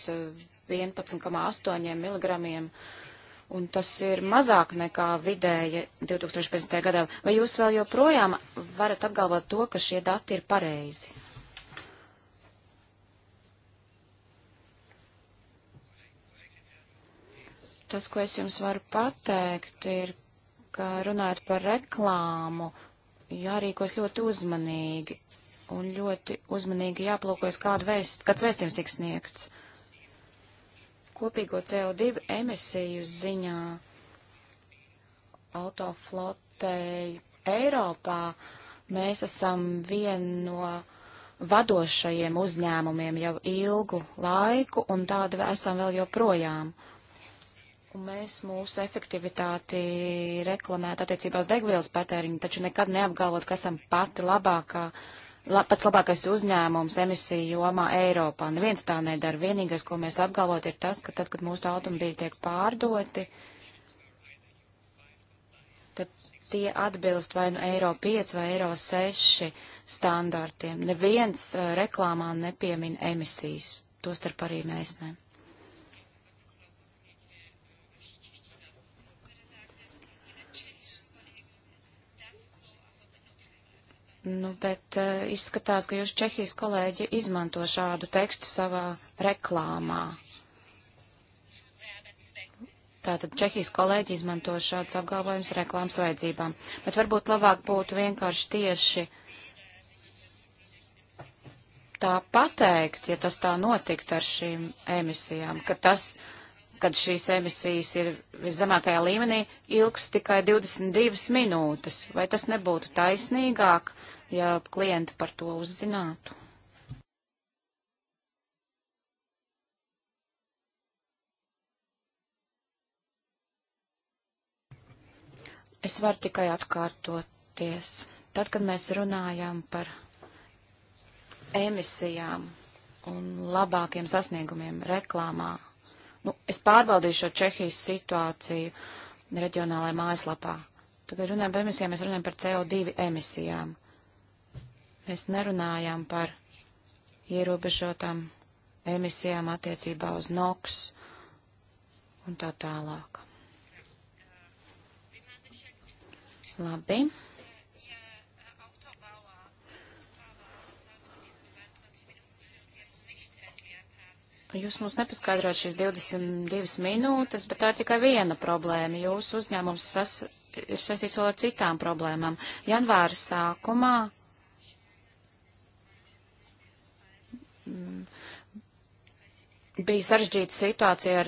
C: 11,8 eh, mg. Un tas ir mazāk nekā vidēja 2015. gadā. Vai jūs vēl joprojām varat apgalvot to, ka šie dati ir pareizi? Tas, ko es jums varu pateikt, ir, ka runājot par reklāmu, jārīkos ļoti uzmanīgi un ļoti uzmanīgi jāplūkojas, kādu vēst, kāds vēstījums tiks sniegts. Kopīgo CO2 emisiju ziņā autoflotei Eiropā mēs esam vien no vadošajiem uzņēmumiem jau ilgu laiku, un tādi esam vēl joprojām. Uh, Un mēs mūsu efektivitāti reklamētu attiecībās degvielas patēriņu, taču nekad neapgalvot, ka esam pati labākā, la, pats labākais uzņēmums emisiju jomā Eiropā. Neviens tā nedara. Vienīgais, ko mēs apgalvot, ir tas, ka tad, kad mūsu automobīļi tiek pārdoti, tad tie atbilst vai nu Eiro 5 vai Eiro 6 standartiem. Neviens eh, reklāmā nepiemina emisijas, tostarp arī mēs ne. Nu, bet uh, izskatās, ka jūs Čehijas kolēģi izmanto šādu tekstu savā reklāmā. Tātad Čehijas kolēģi izmanto šāds apgalvojums reklāmas vajadzībām. Bet varbūt labāk būtu vienkārši tieši tā pateikt, ja tas tā notiktu ar šīm emisijām, ka tas, kad šīs emisijas ir viszemākajā līmenī, ilgs tikai 22 minūtes. Vai tas nebūtu taisnīgāk? Uh, ja klienti par to uzzinātu. Es varu tikai atkārtoties. Tad, kad mēs runājam par emisijām un labākiem sasniegumiem reklāmā, nu, es pārbaudīšu šo Čehijas situāciju reģionālajā mājaslapā. Tagad runājam par emisijām, mēs runājam par CO2 emisijām. Mēs nerunājām par ierobežotām emisijām attiecībā uz NOX un tā tālāk. Labi. Jūs mums nepaskaidrojat šīs 22 minūtes, bet tā ir tikai viena problēma. Jūsu uzņēmums sas, ir sasīts vēl ar citām problēmām. Janvāra sākumā Mm. bija sarežģīta situācija ar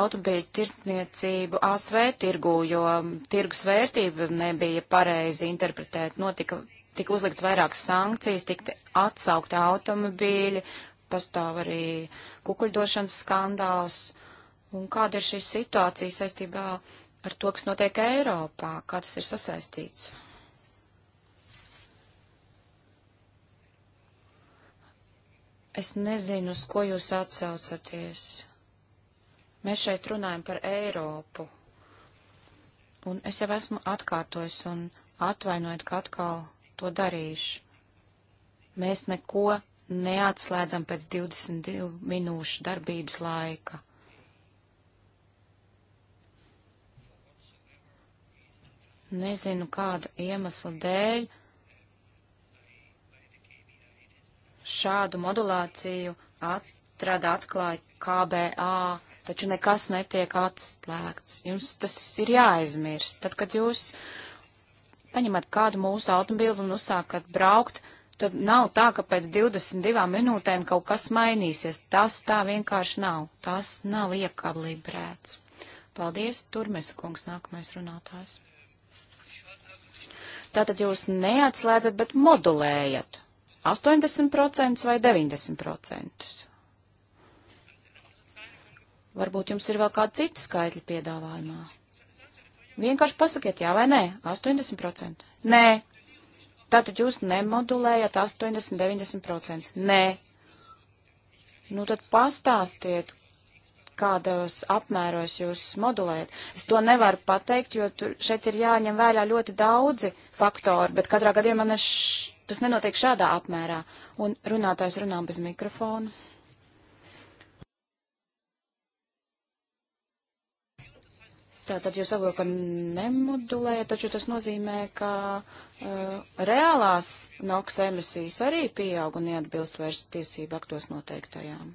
C: automobīļu tirtniecību ASV tirgū, jo tirgus vērtība nebija pareizi interpretēt. Notika, tika uzlikts vairākas sankcijas, tika atsaukti automobīļi, pastāv arī kukuļdošanas skandāls. Un kāda ir šī situācija saistībā ar to, kas notiek Eiropā, kā tas ir sasaistīts? Es nezinu, uz ko jūs atsaucaties. Mēs šeit runājam par Eiropu. Un es jau esmu atkārtojis un atvainojiet, ka atkal to darīšu. Mēs neko neatslēdzam pēc 22 minūšu darbības laika. Nezinu, kādu iemeslu dēļ šādu modulāciju atrada atklāja KBA, taču nekas netiek atslēgts. Jums tas ir jāaizmirst. Tad, kad jūs paņemat kādu mūsu automobīlu un uzsākat braukt, tad nav tā, ka pēc 22 minūtēm kaut kas mainīsies. Tas tā vienkārši nav. Tas nav iekablībrēts. Paldies, Turmes kungs, nākamais runātājs. Tātad jūs neatslēdzat, bet modulējat. 80% vai 90%? Varbūt jums ir vēl kāda cita skaitļa piedāvājumā. Vienkārši pasakiet, jā vai nē, 80%. Nē. Tātad jūs nemodulējat 80-90%. Nē. Nu tad pastāstiet, kādos apmēros jūs modulējat. Es to nevaru pateikt, jo tur, šeit ir jāņem vērā ļoti daudzi faktori, bet katrā gadījumā es tas nenotiek šādā apmērā. Un runātājs runā bez mikrofona. Tātad jūs saprotat, ka nemodulējat, taču tas nozīmē, ka uh, reālās NOx emisijas arī pieaug un neatbilst vairs tiesību aktos noteiktajām.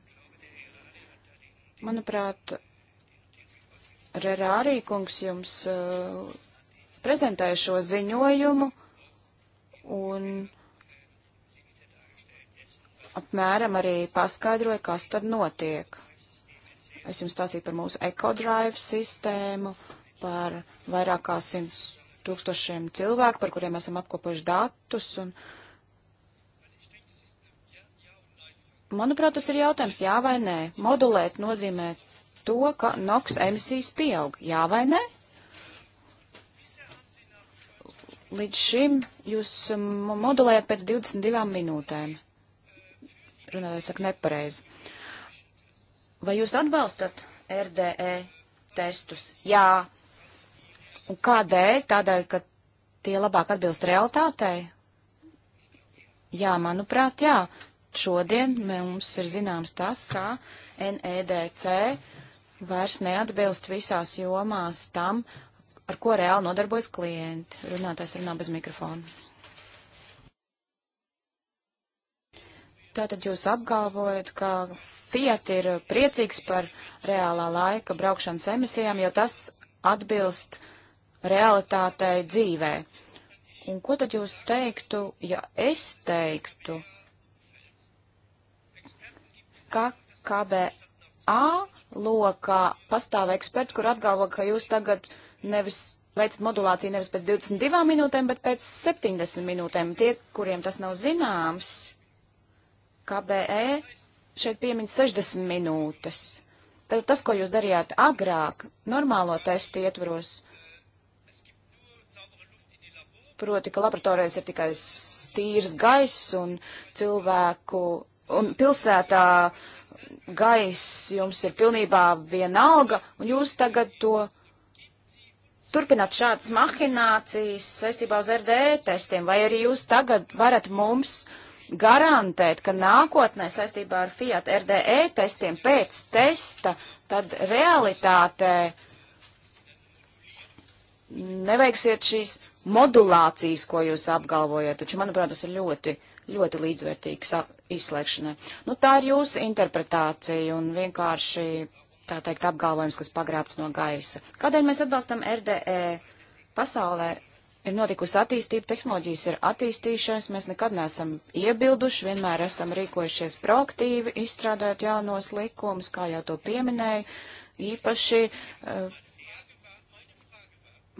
C: Manuprāt, Rerārī kungs jums uh, prezentēja šo ziņojumu un apmēram arī paskaidroja, kas tad notiek. Es jums stāstīju par mūsu EcoDrive sistēmu, par vairāk kā simts tūkstošiem cilvēku, par kuriem esam apkopojuši datus. Un... Manuprāt, tas ir jautājums jā vai nē. Modulēt nozīmē to, ka NOx emisijas pieaug. Jā vai nē? Līdz šim jūs modulējat pēc 22 minūtēm runātājs saka nepareizi. Vai jūs atbalstat RDE testus? Jā. Un kādēļ? Tādēļ, ka tie labāk atbilst realitātei? Jā, manuprāt, jā. Šodien mums ir zināms tas, ka NEDC vairs neatbilst visās jomās tam, ar ko reāli nodarbojas klienti. Runātājs runā bez mikrofona. Tātad jūs apgalvojat, ka Fiat ir priecīgs par reālā laika braukšanas emisijām, jo tas atbilst realitātei dzīvē. Un ko tad jūs teiktu, ja es teiktu, ka KBA lokā pastāv eksperti, kur atgalvo, ka jūs tagad nevis veicat modulāciju nevis pēc 22 minūtēm, bet pēc 70 minūtēm. Tie, kuriem tas nav zināms, KBE šeit piemiņ 60 minūtes. Tad tas, ko jūs darījāt agrāk, normālo testu ietvaros, proti, ka laboratorijas ir tikai tīrs gaiss un cilvēku, un pilsētā gaiss jums ir pilnībā vienalga, un jūs tagad to turpināt šādas mahinācijas saistībā uz RDE testiem, vai arī jūs tagad varat mums uh, garantēt, ka nākotnē saistībā ar Fiat RDE testiem pēc testa, tad realitātē neveiksiet šīs modulācijas, ko jūs apgalvojat. Taču, manuprāt, tas ir ļoti, ļoti līdzvērtīgs izslēgšanai. Nu, tā ir jūsu interpretācija un vienkārši, tā teikt, apgalvojums, kas pagrābts no gaisa. Kādēļ mēs atbalstam RDE? Pasaulē ir notikusi attīstība, tehnoloģijas ir attīstījušās, mēs nekad neesam iebilduši, vienmēr esam rīkojušies proaktīvi, izstrādājot jaunos likumus, kā jau to pieminēju, īpaši. Uh,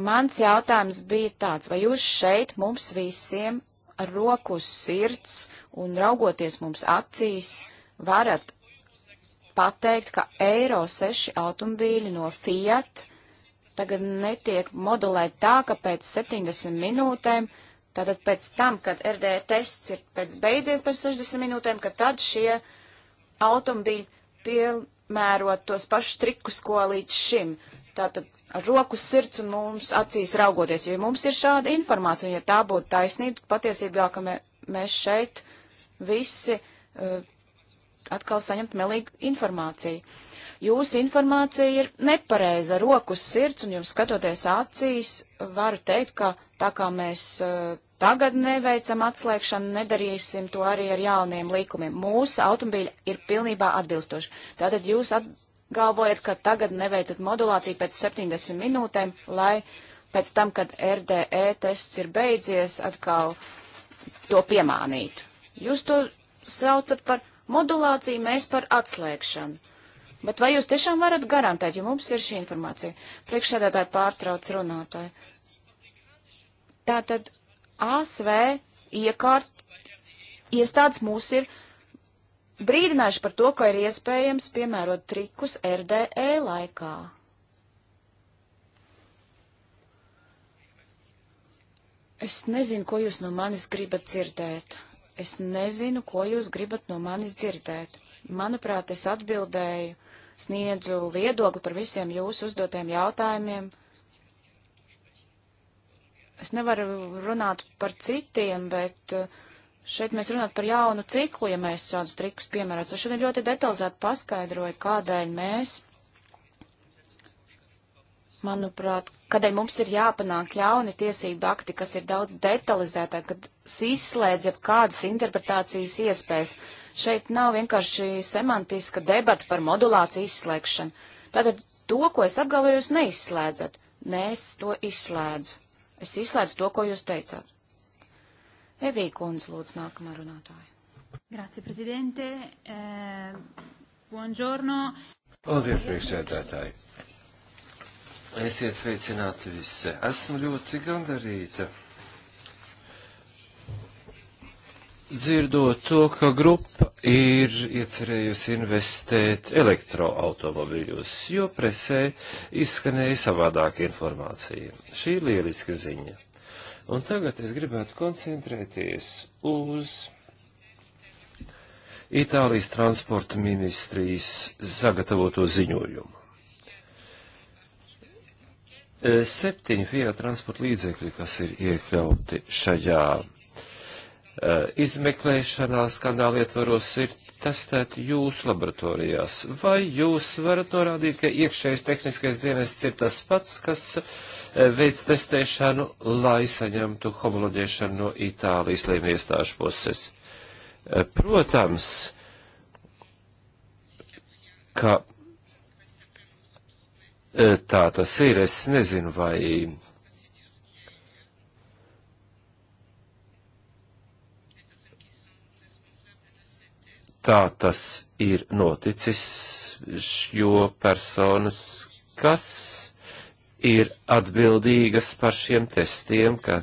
C: mans jautājums bija tāds, vai jūs šeit mums visiem ar roku uz sirds un raugoties mums acīs varat pateikt, ka Eiro 6 automobīļi no Fiat tagad netiek modulēti tā, ka pēc 70 minūtēm, tātad pēc tam, kad RD e tests ir pēc beidzies pēc 60 minūtēm, ka tad šie automobīļi piemērot tos pašus trikus, ko līdz šim. Tātad ar roku sirds un mums acīs raugoties, jo mums ir šāda informācija, un ja tā būtu taisnība, tad patiesībā, ka mē, mēs šeit visi uh, atkal saņemt melīgu informāciju jūsu informācija ir nepareiza, rokas sirds, un jums skatoties acīs, varu teikt, ka tā kā mēs eh, tagad neveicam atslēgšanu, nedarīsim to arī ar jauniem likumiem. Mūsu automobīļi ir pilnībā atbilstoši. Tātad jūs atgalvojat, ka tagad neveicat modulāciju pēc 70 minūtēm, lai pēc tam, kad RDE tests ir beidzies, atkal to piemānītu. Jūs to saucat par modulāciju, mēs par atslēgšanu. Bet vai jūs tiešām varat garantēt, jo mums ir šī informācija? Priekšsēdētāji pārtrauc runātāji. Tātad ASV iekārt, iestādes mūs ir brīdinājuši par to, ka ir iespējams piemērot trikus RDE laikā. Es nezinu, ko jūs no manis gribat dzirdēt. Es nezinu, ko jūs gribat no manis dzirdēt. Manuprāt, es atbildēju sniedzu viedokli par visiem jūsu uzdotiem jautājumiem. Es nevaru runāt par citiem, bet uh, šeit mēs runāt par jaunu ciklu, ja mēs šādus trikus piemērot. Es šodien ļoti detalizēti paskaidroju, kādēļ mēs, manuprāt, kādēļ mums ir jāpanāk jauni tiesību akti, kas ir daudz detalizētāk, kad izslēdz jau kādas interpretācijas iespējas. Šeit nav vienkārši semantiska debata par modulāciju izslēgšanu. Tātad to, ko es apgalvoju, jūs neizslēdzat. Nē, es to izslēdzu. Es izslēdzu to, ko jūs teicāt. Evī Kunz, lūdzu, nākamā runātāja. Grazie, prezidente. Eh, buongiorno. Paldies, priekšsēdētāji.
A: Esiet sveicināti visi. Esmu ļoti gandarīta dzirdot to, ka grupa ir iecerējusi investēt elektroautomobīļos, jo presē izskanēja savādāka informācija. Šī ir lieliska ziņa. Un tagad es gribētu koncentrēties uz Itālijas transporta ministrijas sagatavoto ziņojumu. Eh, septiņi Fiat transporta līdzekļi, kas ir iekļauti šajā Eh, izmeklēšanā skandāla ietvaros ir testēt jūsu laboratorijās. Vai jūs varat norādīt, ka iekšējais tehniskais dienests ir tas pats, kas eh, veids testēšanu, lai saņemtu homoloģēšanu no Itālijas lēmē iestāžu puses? Eh, protams, ka tā tas ir. Es nezinu, vai tā tas ir noticis, jo personas, kas ir atbildīgas par šiem testiem, ka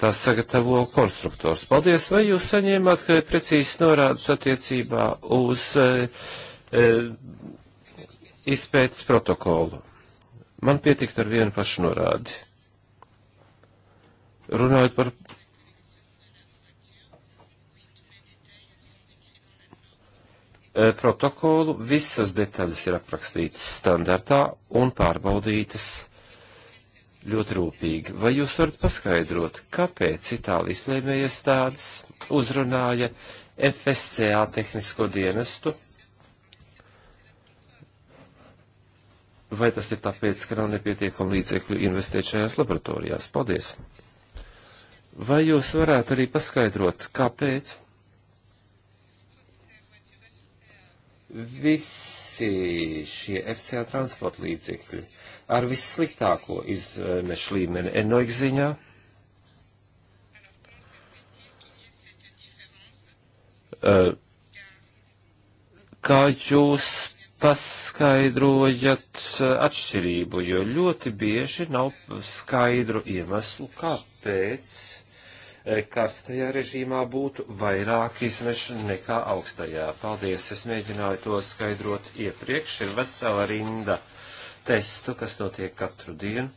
A: tās sagatavo konstruktors. Paldies, vai jūs saņēmāt precīzi norādes attiecībā uz e, e, izpētes protokolu? Man pietikt ar vienu pašu norādi. Runājot par Eh, protokolu. Visas detaļas ir aprakstītas standartā un pārbaudītas ļoti rūpīgi. Vai jūs varat paskaidrot, kāpēc Itālijas lēmējiestādes uzrunāja FSCA tehnisko dienestu? Vai tas ir tāpēc, ka nav nepietiekami līdzekļu investēt šajās laboratorijās? Paldies! Vai jūs varētu arī paskaidrot, kāpēc? Visi šie FCA transporta līdzekļi ar vissliktāko izmešu līmeni enoik ziņā. Eh, kā jūs paskaidrojat eh, atšķirību, jo ļoti bieži nav skaidru iemeslu, kāpēc Eh, karstajā režīmā būtu vairāk izmešu nekā augstajā. Paldies, es mēģināju to skaidrot iepriekš. Ir vesela rinda testu, kas notiek katru dienu.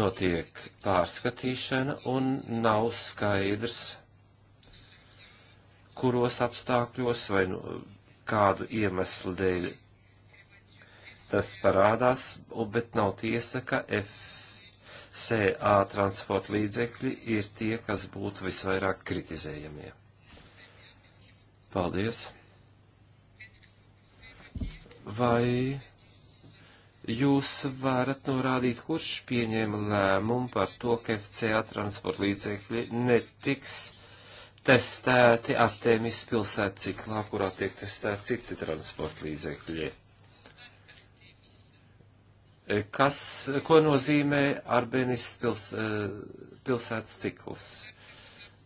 A: Notiek pārskatīšana un nav skaidrs, kuros apstākļos vai nu, kādu iemeslu dēļ tas parādās, bet nav tiesa, ka F CA transporta līdzekļi ir tie, kas būtu visvairāk kritizējamie. Paldies! Vai jūs varat norādīt, kurš pieņēma lēmumu par to, ka FCA transporta līdzekļi netiks testēti Artemis pilsētas ciklā, kurā tiek testēti citi transporta līdzekļi? Kas, ko nozīmē Arbenis pils, eh, pilsētas cikls?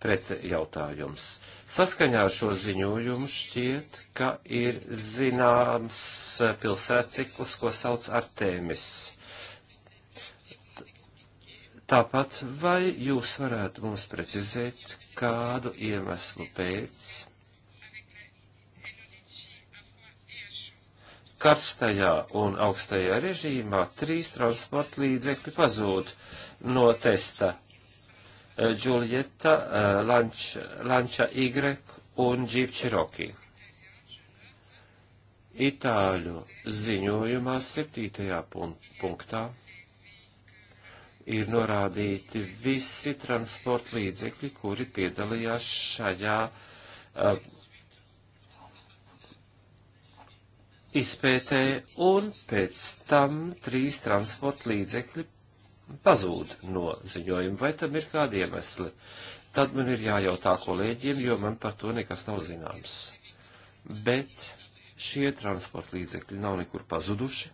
A: Pret jautājums. Saskaņā ar šo ziņojumu šķiet, ka ir zināms eh, pilsētas cikls, ko sauc Artemis. Tāpat vai jūs varētu mums precizēt, kādu iemeslu pēc karstajā un augstajā režīmā trīs transporta līdzekļi pazūd no testa. Džuljeta, Lanč, Lanča Y un Džip Čiroki. Itāļu ziņojumā septītajā punktā ir norādīti visi transporta līdzekļi, kuri piedalījās šajā uh, izpētē, un pēc tam trīs transporta līdzekļi pazūd no ziņojuma, vai tam ir kādi iemesli. Tad man ir jājautā kolēģiem, jo man par to nekas nav zināms. Bet šie transporta līdzekļi nav nekur pazuduši.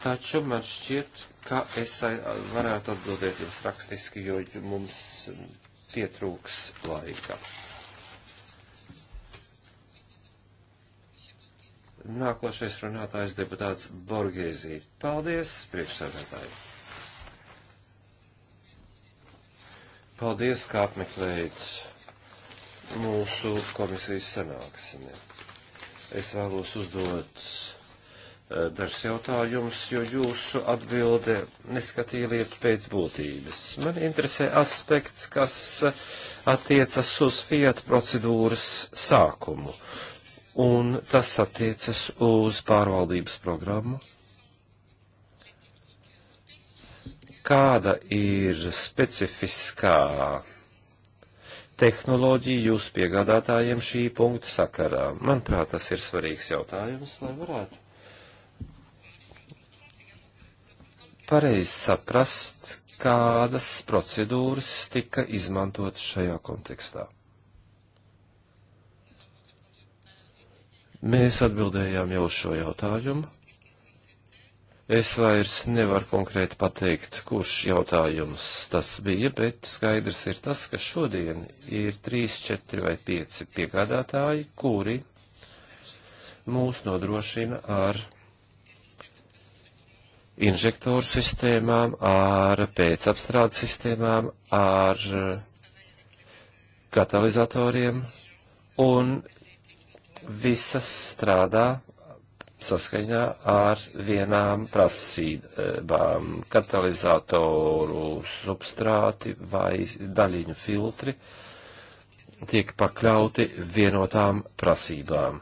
A: Taču man šķiet, ka es eh, varētu atbildēt jums rakstiski, jo mums pietrūks laika. Nākošais runātājs deputāts Borgēzī. Paldies, priekšsēdētāji! Paldies, kā apmeklējat mūsu komisijas sanāksmi. Es vēlos uzdot eh, dažs jautājums, jo jūsu atbilde neskatīja lietu pēc būtības. Man interesē aspekts, kas eh, attiecas uz Fiat procedūras sākumu. Uh, un tas attiecas uz pārvaldības programmu. Kāda ir specifiskā tehnoloģija jūsu piegādātājiem šī punkta sakarā? Manuprāt, tas ir svarīgs jautājums, lai varētu pareizi saprast, kādas procedūras tika izmantotas šajā kontekstā. Mēs atbildējām jau uz šo jautājumu. Es vairs nevaru konkrēti pateikt, kurš jautājums tas bija, bet skaidrs ir tas, ka šodien ir 3, 4 vai 5 piegādātāji, kuri mūs nodrošina ar inžektoru sistēmām, ar pēcapstrādes sistēmām, ar katalizatoriem, un visas strādā saskaņā ar vienām prasībām - katalizatoru substrāti vai daļiņu filtri tiek pakļauti vienotām prasībām.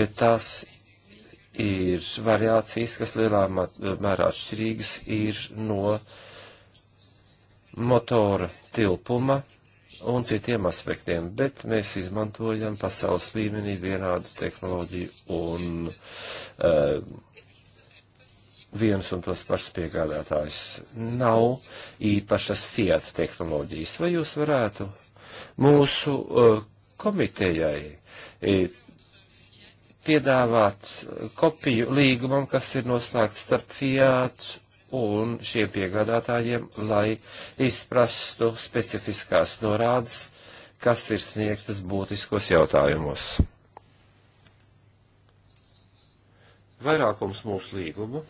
A: Bet tās ir variācijas, kas lielā mērā atšķirīgas ir no motora tilpuma un citiem aspektiem, bet mēs izmantojam pasaules līmenī vienādu tehnoloģiju un uh, vienus un tos pašus piegādātājus. Nav īpašas Fiat tehnoloģijas. Vai jūs varētu mūsu uh, komitejai uh, piedāvāt kopiju līgumam, kas ir noslēgts starp Fiat un šiem piegādātājiem, lai izprastu specifiskās norādes, kas ir sniegtas būtiskos jautājumos. Vairākums mūsu līgumu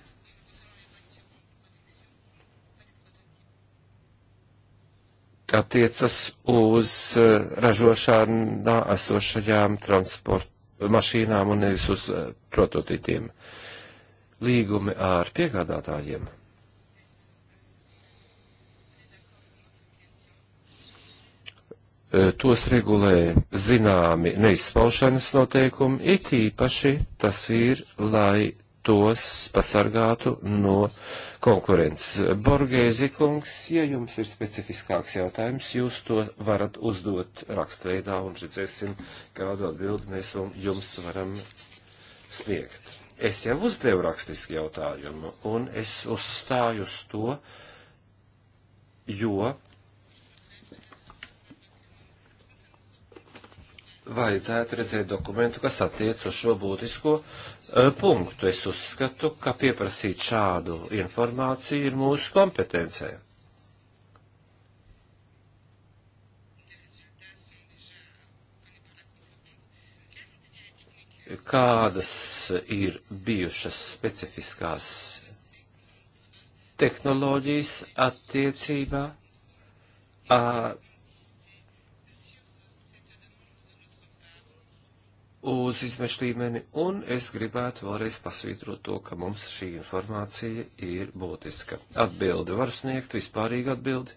A: attiecas uz eh, ražošanā esošajām transporta mašīnām un nevis uz eh, prototipiem. Līgumi ar piegādātājiem Eh, tos regulē zināmi neizspaušanas noteikumi, it īpaši tas ir, lai tos pasargātu no konkurences. Borgēzi kungs, ja jums ir specifiskāks jautājums, jūs to varat uzdot rakstveidā un redzēsim, kādu atbildi mēs jums varam sniegt. Es jau uzdevu rakstisku jautājumu un es uzstāju uz to, jo vajadzētu redzēt dokumentu, kas attiec uz šo būtisko uh, punktu. Es uzskatu, ka pieprasīt šādu informāciju ir mūsu kompetencē. Kādas ir bijušas specifiskās tehnoloģijas attiecībā ar uz izmešu līmeni, un es gribētu vēlreiz pasvītrot to, ka mums šī informācija ir būtiska. Atbildi var sniegt, vispārīgi atbildi.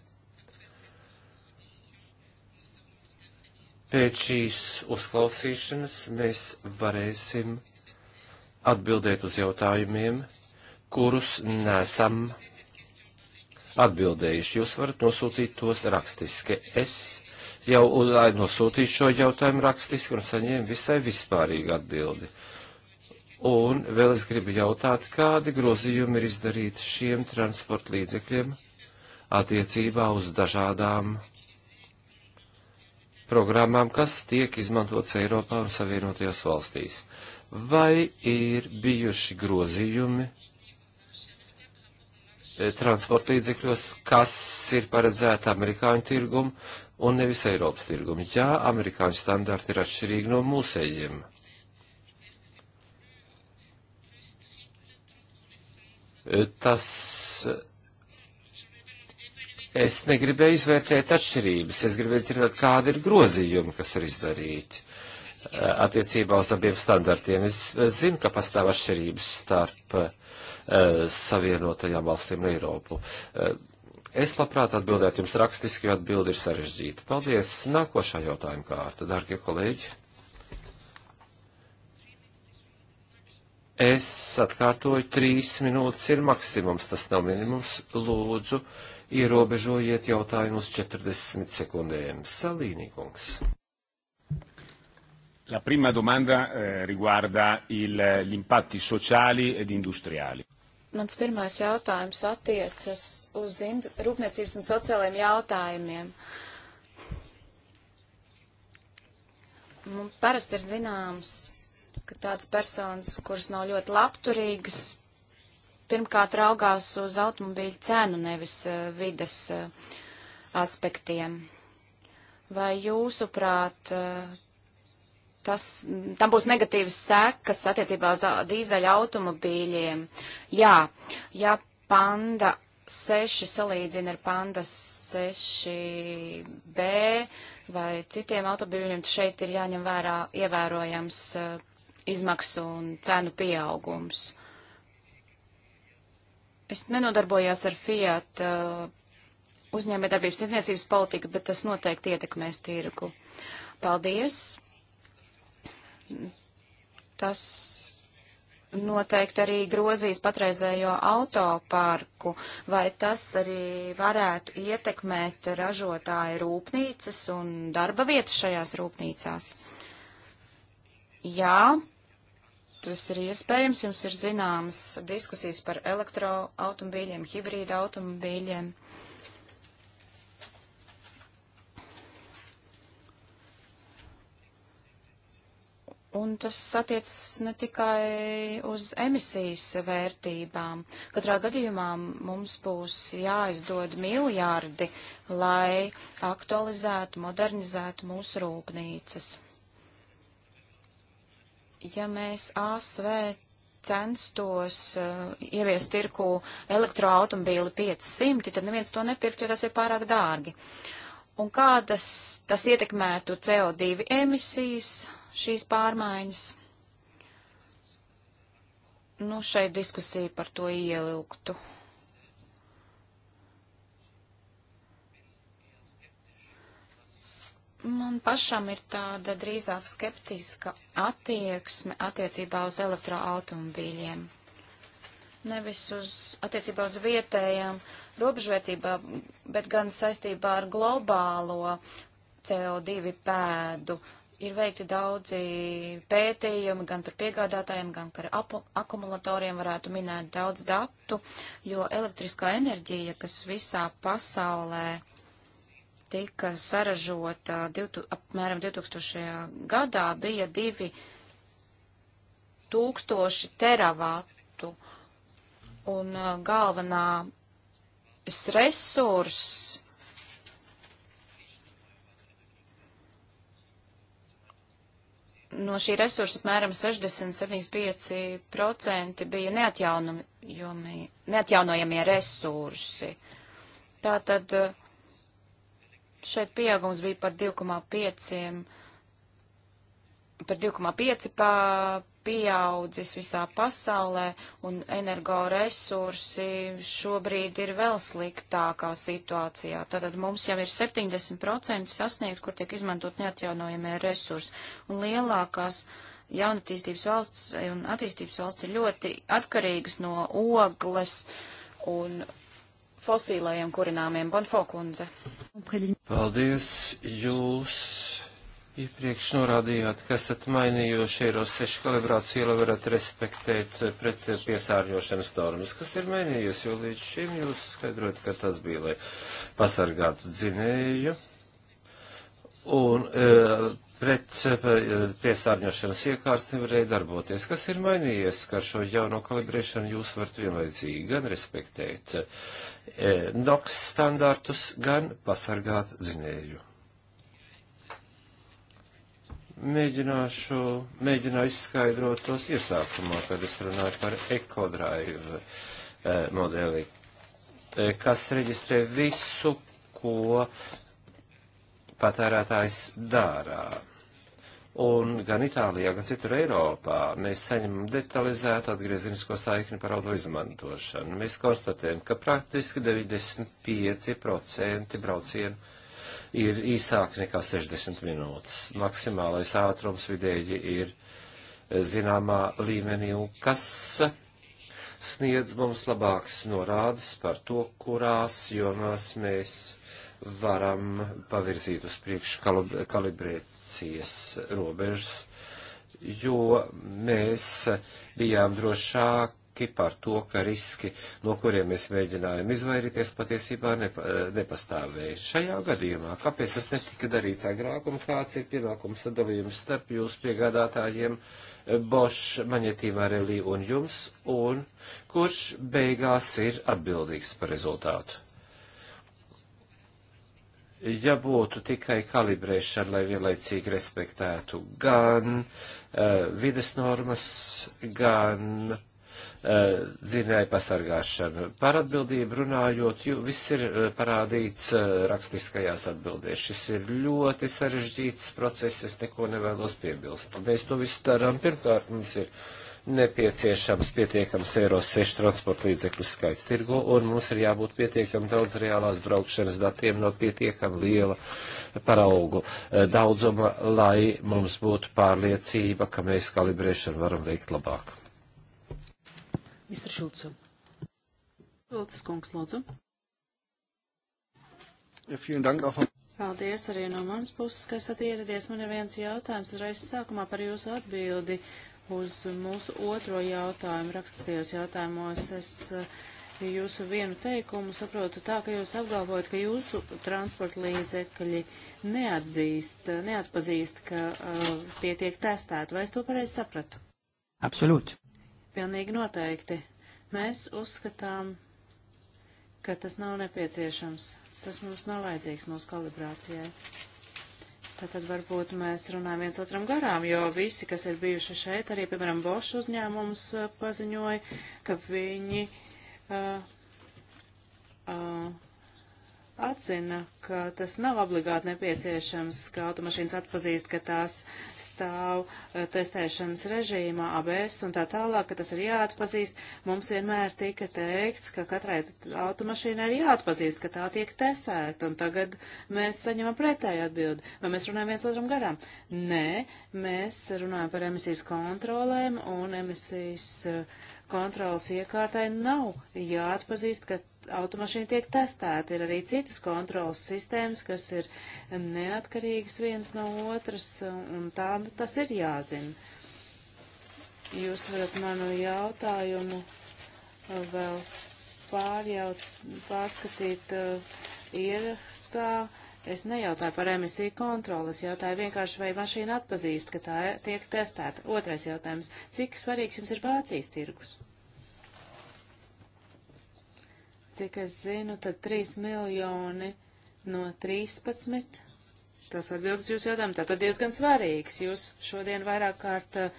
A: Pēc šīs uzklausīšanas mēs varēsim atbildēt uz jautājumiem, kurus nesam atbildējuši. Jūs varat nosūtīt tos rakstiski. Es jau nosūtīju šo jautājumu rakstiski un saņēmu visai vispārīgu atbildi. Un vēl es gribu jautāt, kādi grozījumi ir izdarīti šiem transporta līdzekļiem attiecībā uz dažādām programmām, kas tiek izmantotas Eiropā un Savienotajās valstīs. Vai ir bijuši grozījumi eh, transporta līdzekļos, kas ir paredzēta amerikāņu tirgumu, un nevis Eiropas tirgumu. Jā, amerikāņu standarti ir atšķirīgi no mūsējiem. Tas es negribēju izvērtēt atšķirības, es gribēju dzirdēt, kādi ir grozījumi, kas ir izdarīti eh, attiecībā uz abiem standartiem. Es zinu, ka pastāv atšķirības starp uh, savienotajām valstīm un Eiropu. Uh, Es labprāt atbildētu jums rakstiski, jo atbildi ir sarežģīta. Paldies. Nākošā jautājuma kārta, dārgie kolēģi. Es atkārtoju, trīs minūtes ir maksimums, tas nav minimums. Lūdzu, ierobežojiet jautājumus 40 sekundēm. Salīnīkungs. La prima domanda eh, riguarda il, gli impatti sociali ed industriali.
C: Mans pirmais jautājums attiecas uz rūpniecības un sociālajiem jautājumiem. Mums parasti ir zināms, ka tādas personas, kuras nav ļoti labturīgas, pirmkārt raugās uz automobīļu cenu, nevis uh, vides uh, aspektiem. Vai jūsuprāt, uh, tas, tam būs negatīvas sekas attiecībā uz dīzeļa automobīļiem. Jā, ja panda 6 salīdzina ar Panda 6B vai citiem autobīļiem, šeit ir jāņem vērā ievērojams uh, izmaksu un cenu pieaugums. Es nenodarbojos ar Fiat uh, uzņēmējdarbības tirdzniecības politiku, bet tas noteikti ietekmēs tirgu. Paldies! Tas noteikti arī grozīs patreizējo autoparku, vai tas arī varētu ietekmēt ražotāju rūpnīcas un darba vietas šajās rūpnīcās? Jā, tas ir iespējams, jums ir zināmas diskusijas par elektroautomobīļiem, hibrīda automobīļiem. Un tas attiecas ne tikai uz emisijas vērtībām. Katrā gadījumā mums būs jāizdod miljārdi, lai aktualizētu, modernizētu mūsu rūpnīcas. Ja mēs ASV censtos uh, ieviest tirku elektroautomobīli 500, tad neviens to nepirkt, jo tas ir pārāk dārgi. Uh, un kādas tas ietekmētu CO2 emisijas, šīs pārmaiņas. Nu, šeit diskusija par to ielilgtu. Man pašam ir tāda drīzāk skeptiska attieksme attiecībā uz elektroautomobīļiem nevis uz attiecībā uz vietējām robežvērtībām, bet gan saistībā ar globālo CO2 pēdu. Ir veikti daudzi pētījumi gan par piegādātājiem, gan par akumulatoriem, varētu minēt daudz datu, jo elektriskā enerģija, kas visā pasaulē tika saražota divtu, apmēram 2000. gadā, bija 2000 teravatu Un uh, galvenā resurs no šī resursa apmēram 60-75% bija neatjaunojamie resursi. Tātad uh, šeit pieaugums bija par 2,5 par 2,5 pieaudzis visā pasaulē, un energoresursi šobrīd ir vēl sliktākā situācijā. Tātad mums jau ir 70% sasniegt, kur tiek izmantot neatjaunojamie resursi, un lielākās jaunatīstības valsts un attīstības valsts ir ļoti atkarīgas no ogles un fosīlajiem kurināmiem. Bonfokundze.
A: Paldies, jūs Iepriekš norādījāt, ka esat mainījuši Eiro 6 kalibrāciju, lai varētu respektēt eh, pret eh, piesārņošanas normas, kas ir mainījusi, jo līdz šim jūs skaidrot, ka tas bija, lai pasargātu dzinēju un e, pret piesārņošanas iekārts nevarēja darboties. Kas ir mainījies, ka ar šo jauno kalibrēšanu jūs varat vienlaicīgi gan respektēt e, NOx standartus, gan pasargāt dzinēju? Mēģināšu, mēģināju izskaidrot tos iesākumā, kad es runāju par ekodrāju eh, modeli, eh, kas reģistrē visu, ko patērētājs dārā. Un gan Itālijā, gan citur Eiropā mēs saņemam detalizētu atgriezinisko saikni par auto izmantošanu. Mēs konstatējam, ka praktiski 95% braucienu ir īsāk nekā 60 minūtes. Maksimālais ātrums vidēji ir e, zināmā līmenī, un kas sniedz mums labākas norādes par to, kurās jomās mēs varam pavirzīt uz priekšu kalibrēcijas robežas, jo mēs bijām drošāk riski par to, ka riski, no kuriem mēs mēģinājām izvairīties, patiesībā nepa, nepastāvēja. Šajā gadījumā, kāpēc tas netika darīts agrāk un kāds ir pienākums sadalījums starp jūsu piegādātājiem Bosch, Maņetīmā Relī un jums, un kurš beigās ir atbildīgs par rezultātu? ja būtu tikai kalibrēšana, lai vienlaicīgi respektētu gan uh, vides normas, gan Eh, dzinēja pasargāšanu. Par atbildību runājot, jo viss ir eh, parādīts eh, rakstiskajās atbildēs. Šis ir ļoti sarežģīts process, es neko nevēlos piebilst. Mēs to visu darām. Pirmkārt, mums ir nepieciešams pietiekams Eiro 6 transporta līdzekļu skaits tirgo, un mums ir jābūt pietiekami daudz reālās braukšanas datiem no pietiekami liela paraugu daudzuma, lai mums būtu pārliecība, ka mēs kalibrēšanu varam veikt labāk.
B: Mr. Šulcu. Šulcis kungs, lūdzu. Paldies arī no manas puses, ka esat ieradies. Man ir viens jautājums uzreiz sākumā par jūsu atbildi uz mūsu otro jautājumu rakstiskajos jautājumos. Es eh, jūsu vienu teikumu saprotu tā, ka jūs apgalvojat, ka jūsu transporta līdzekļi neatzīst, neatpazīst, ka uh, tie tiek testēti. Vai es to pareizi sapratu? Absolūti. Pilnīgi noteikti. Mēs uzskatām, ka tas nav nepieciešams. Tas mums nav vajadzīgs mūsu kalibrācijai. Tātad varbūt mēs runājam viens otram garām, jo visi, kas ir bijuši šeit, arī, piemēram, Bošu uzņēmums uh, paziņoja, ka viņi uh, uh, atzina, ka tas nav obligāti nepieciešams, ka automašīnas atpazīst, ka tās pastāv eh, testēšanas režīmā, ABS un tā tālāk, ka tas ir jāatpazīst. Mums vienmēr tika teikts, ka katrai automašīnai ir jāatpazīst, ka tā tiek testēta, un tagad mēs saņemam pretēju atbildi. Vai mēs runājam viens otram garām? Nē, mēs runājam par emisijas kontrolēm un emisijas uh, kontrolas iekārtai nav jāatpazīst, ka automašīna tiek testēta. Ir arī citas kontrolas sistēmas, kas ir neatkarīgas vienas no otras, un tā tas ir jāzina. Jūs varat manu jautājumu uh, vēl pārjaut, pārskatīt ierakstā. Uh, Es nejautāju par emisiju kontroli, es jautāju vienkārši, vai mašīna atpazīst, ka tā tiek testēta. Otrais jautājums - cik svarīgs jums ir Vācijas tirgus? Cik es zinu, tad 3 miljoni no 13. Tas atbildes jūs jautājumu, tātad diezgan svarīgs. Jūs šodien vairāk kārt uh,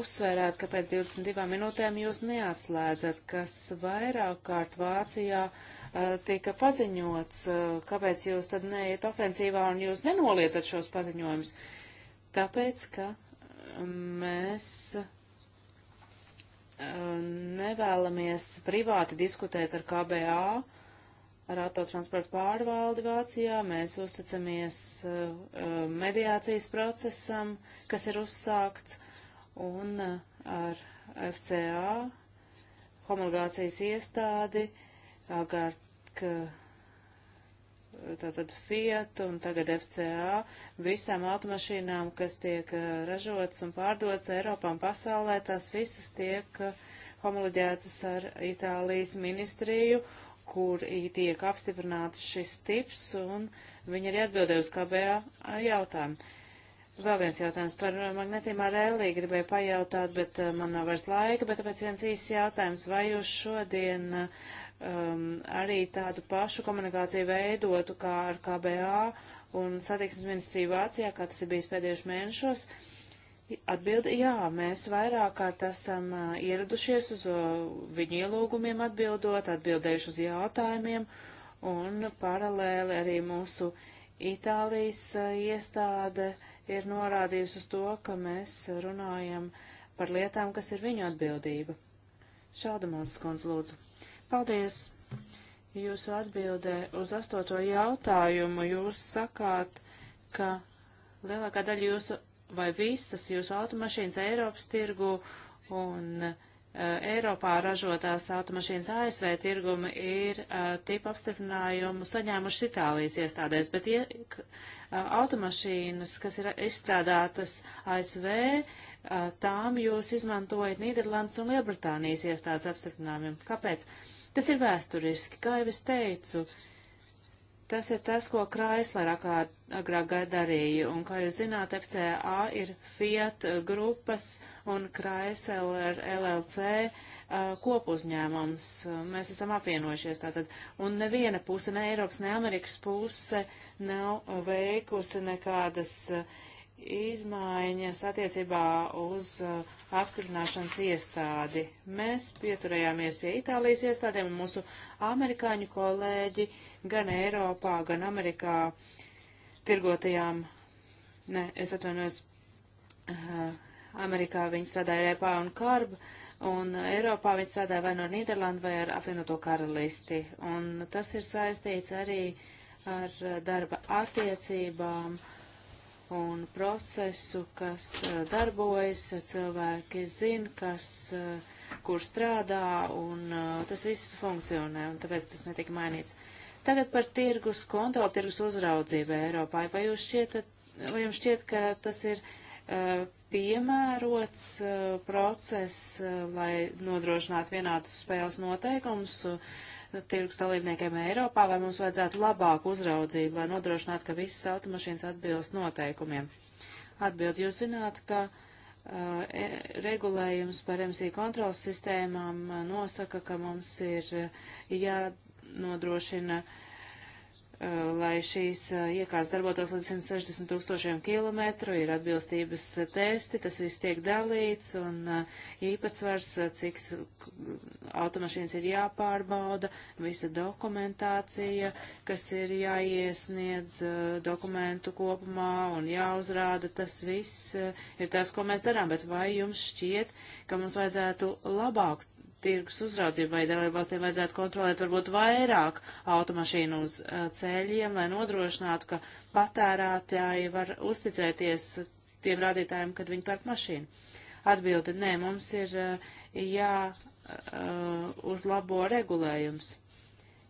B: uzsvērāt, ka pēc 22 minūtēm jūs neatslēdzat, kas vairāk kārt Vācijā uh, Eh, tika paziņots, eh, kāpēc jūs tad neiet ofensīvā un jūs nenoliedzat šos paziņojumus? Tāpēc, ka eh, mēs nevēlamies privāti diskutēt ar KBA, ar autotransportu pārvaldi Vācijā, mēs uzticamies mediācijas procesam, kas ir uzsākts, un ar FCA homologācijas iestādi uh, agārk tātad Fiat un tagad FCA visām automašīnām, kas tiek ražotas un pārdotas Eiropā un pasaulē, tās visas tiek homoloģētas ar Itālijas ministriju, kur tiek apstiprināts šis tips, un viņi arī atbildēja uz KBA jautājumu. Vēl viens jautājums par magnetīmā rēlī gribēju pajautāt, bet man nav vairs laika, bet tāpēc viens īsts jautājums. Vai jūs šodien uh, um, arī tādu pašu komunikāciju veidotu kā ar KBA un satiksmes ministriju Vācijā, kā tas ir bijis pēdējos mēnešos. Atbildi, jā, mēs vairāk kārt esam uh, ieradušies uz uh, viņu ielūgumiem atbildot, atbildējuši uz jautājumiem un paralēli arī mūsu Itālijas uh, iestāde ir norādījusi uz to, ka mēs runājam par lietām, kas ir viņu atbildība. Šāda mūsu skons lūdzu. Paldies! Jūsu atbildē uz astoto jautājumu jūs sakāt, ka lielākā daļa jūsu vai visas jūsu automašīnas Eiropas tirgu un uh, Eiropā ražotās automašīnas ASV tirgumi ir uh, e, tipa apstiprinājumu saņēmuši Itālijas iestādēs, bet ie, uh, automašīnas, kas ir izstrādātas ASV, uh, e, tām jūs izmantojat Nīderlandes un Lielbritānijas iestādes apstiprinājumiem. Kāpēc? Uh, Tas ir vēsturiski, kā jau es teicu. Tas ir tas, ko Chrysler agrāk darīja, un, kā jūs zināt, FCA ir Fiat grupas un Chrysler LLC uh, kopuzņēmums. Mēs esam apvienojušies tātad, un neviena puse, ne Eiropas, ne Amerikas puse nav veikusi nekādas uh, izmaiņas attiecībā uz uh, apstiprināšanas iestādi. Mēs pieturējāmies pie Itālijas iestādēm, un mūsu amerikāņu kolēģi gan Eiropā, gan Amerikā tirgotajām, ne, es atvainojos, uh, Amerikā viņi strādāja repā un karb, un Eiropā viņi strādāja vai no Nīderlandu vai ar apvienoto karalisti. Un tas ir saistīts arī ar darba attiecībām. Uh, un procesu, kas eh, darbojas, cilvēki zina, kas, eh, kur strādā, un eh, tas viss funkcionē, un tāpēc tas netika mainīts. Tagad par tirgus kontroli, tirgus uzraudzību Eiropā. Vai jūs šķiet, vai jums šķiet, ka tas ir piemērots process, lai nodrošinātu vienādus spēles noteikumus? tirgus dalībniekiem Eiropā, vai mums vajadzētu labāku uzraudzību, lai nodrošinātu, ka visas automašīnas atbilst noteikumiem. Atbild jūs zināt, ka uh, e, regulējums par MC kontrolas sistēmām uh, nosaka, ka mums ir uh, jānodrošina uh, lai šīs uh, iekārtas darbotos līdz 160 tūkstošiem kilometru, ir atbilstības uh, testi, tas viss tiek dalīts un uh, īpatsvars, cik automašīnas ir jāpārbauda, visa dokumentācija, kas ir jāiesniedz dokumentu kopumā un jāuzrāda, tas viss ir tas, ko mēs darām, bet vai jums šķiet, ka mums vajadzētu labāk tirgus uzraudzību, vai dalībvalstīm vajadzētu kontrolēt varbūt vairāk automašīnu uz uh, ceļiem, lai nodrošinātu, ka patērētāji var uzticēties tiem rādītājiem, kad viņi pērk mašīnu. Atbildi nē, mums ir uh, jā uh, uzlabo regulējums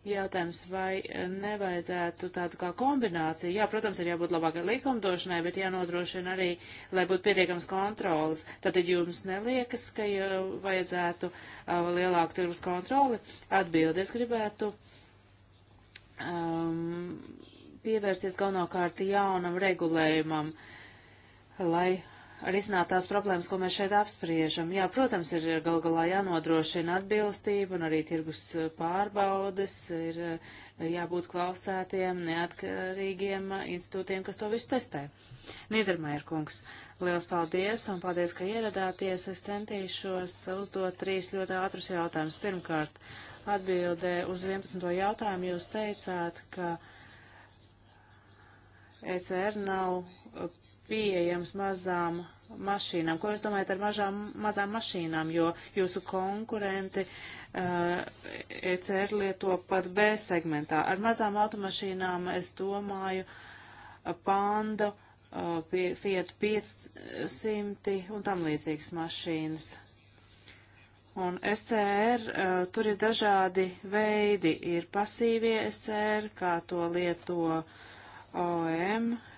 B: jautājums, vai eh, nevajadzētu tādu kā kombināciju. Jā, protams, ir jābūt labākai likumdošanai, bet jānodrošina arī, lai būtu pietiekams kontrols. Tad jums neliekas, ka vajadzētu uh, lielāku tirgus kontroli? Atbildes gribētu. Um, pievērsties galvenokārt jaunam regulējumam, lai risināt tās problēmas, ko mēs šeit apspriežam. Jā, protams, ir gal galā jānodrošina atbilstība un arī tirgus pārbaudes, ir eh, jābūt kvalificētiem, neatkarīgiem institūtiem, kas to visu testē. Nīdermēr kungs, liels paldies un paldies, ka ieradāties. Es centīšos uzdot trīs ļoti ātrus jautājumus. Pirmkārt, atbildē uz 11. jautājumu jūs teicāt, ka ECR nav pieejams mazām mašīnām. Ko jūs domājat ar mažām, mazām mašīnām, jo jūsu konkurenti uh, eh, ECR lieto pat B segmentā. Ar mazām automašīnām es domāju eh, Panda, uh, eh, pie, Fiat 500 un tam līdzīgas mašīnas. Un SCR, uh, tur ir dažādi veidi, ir pasīvie SCR, kā to lieto OM, e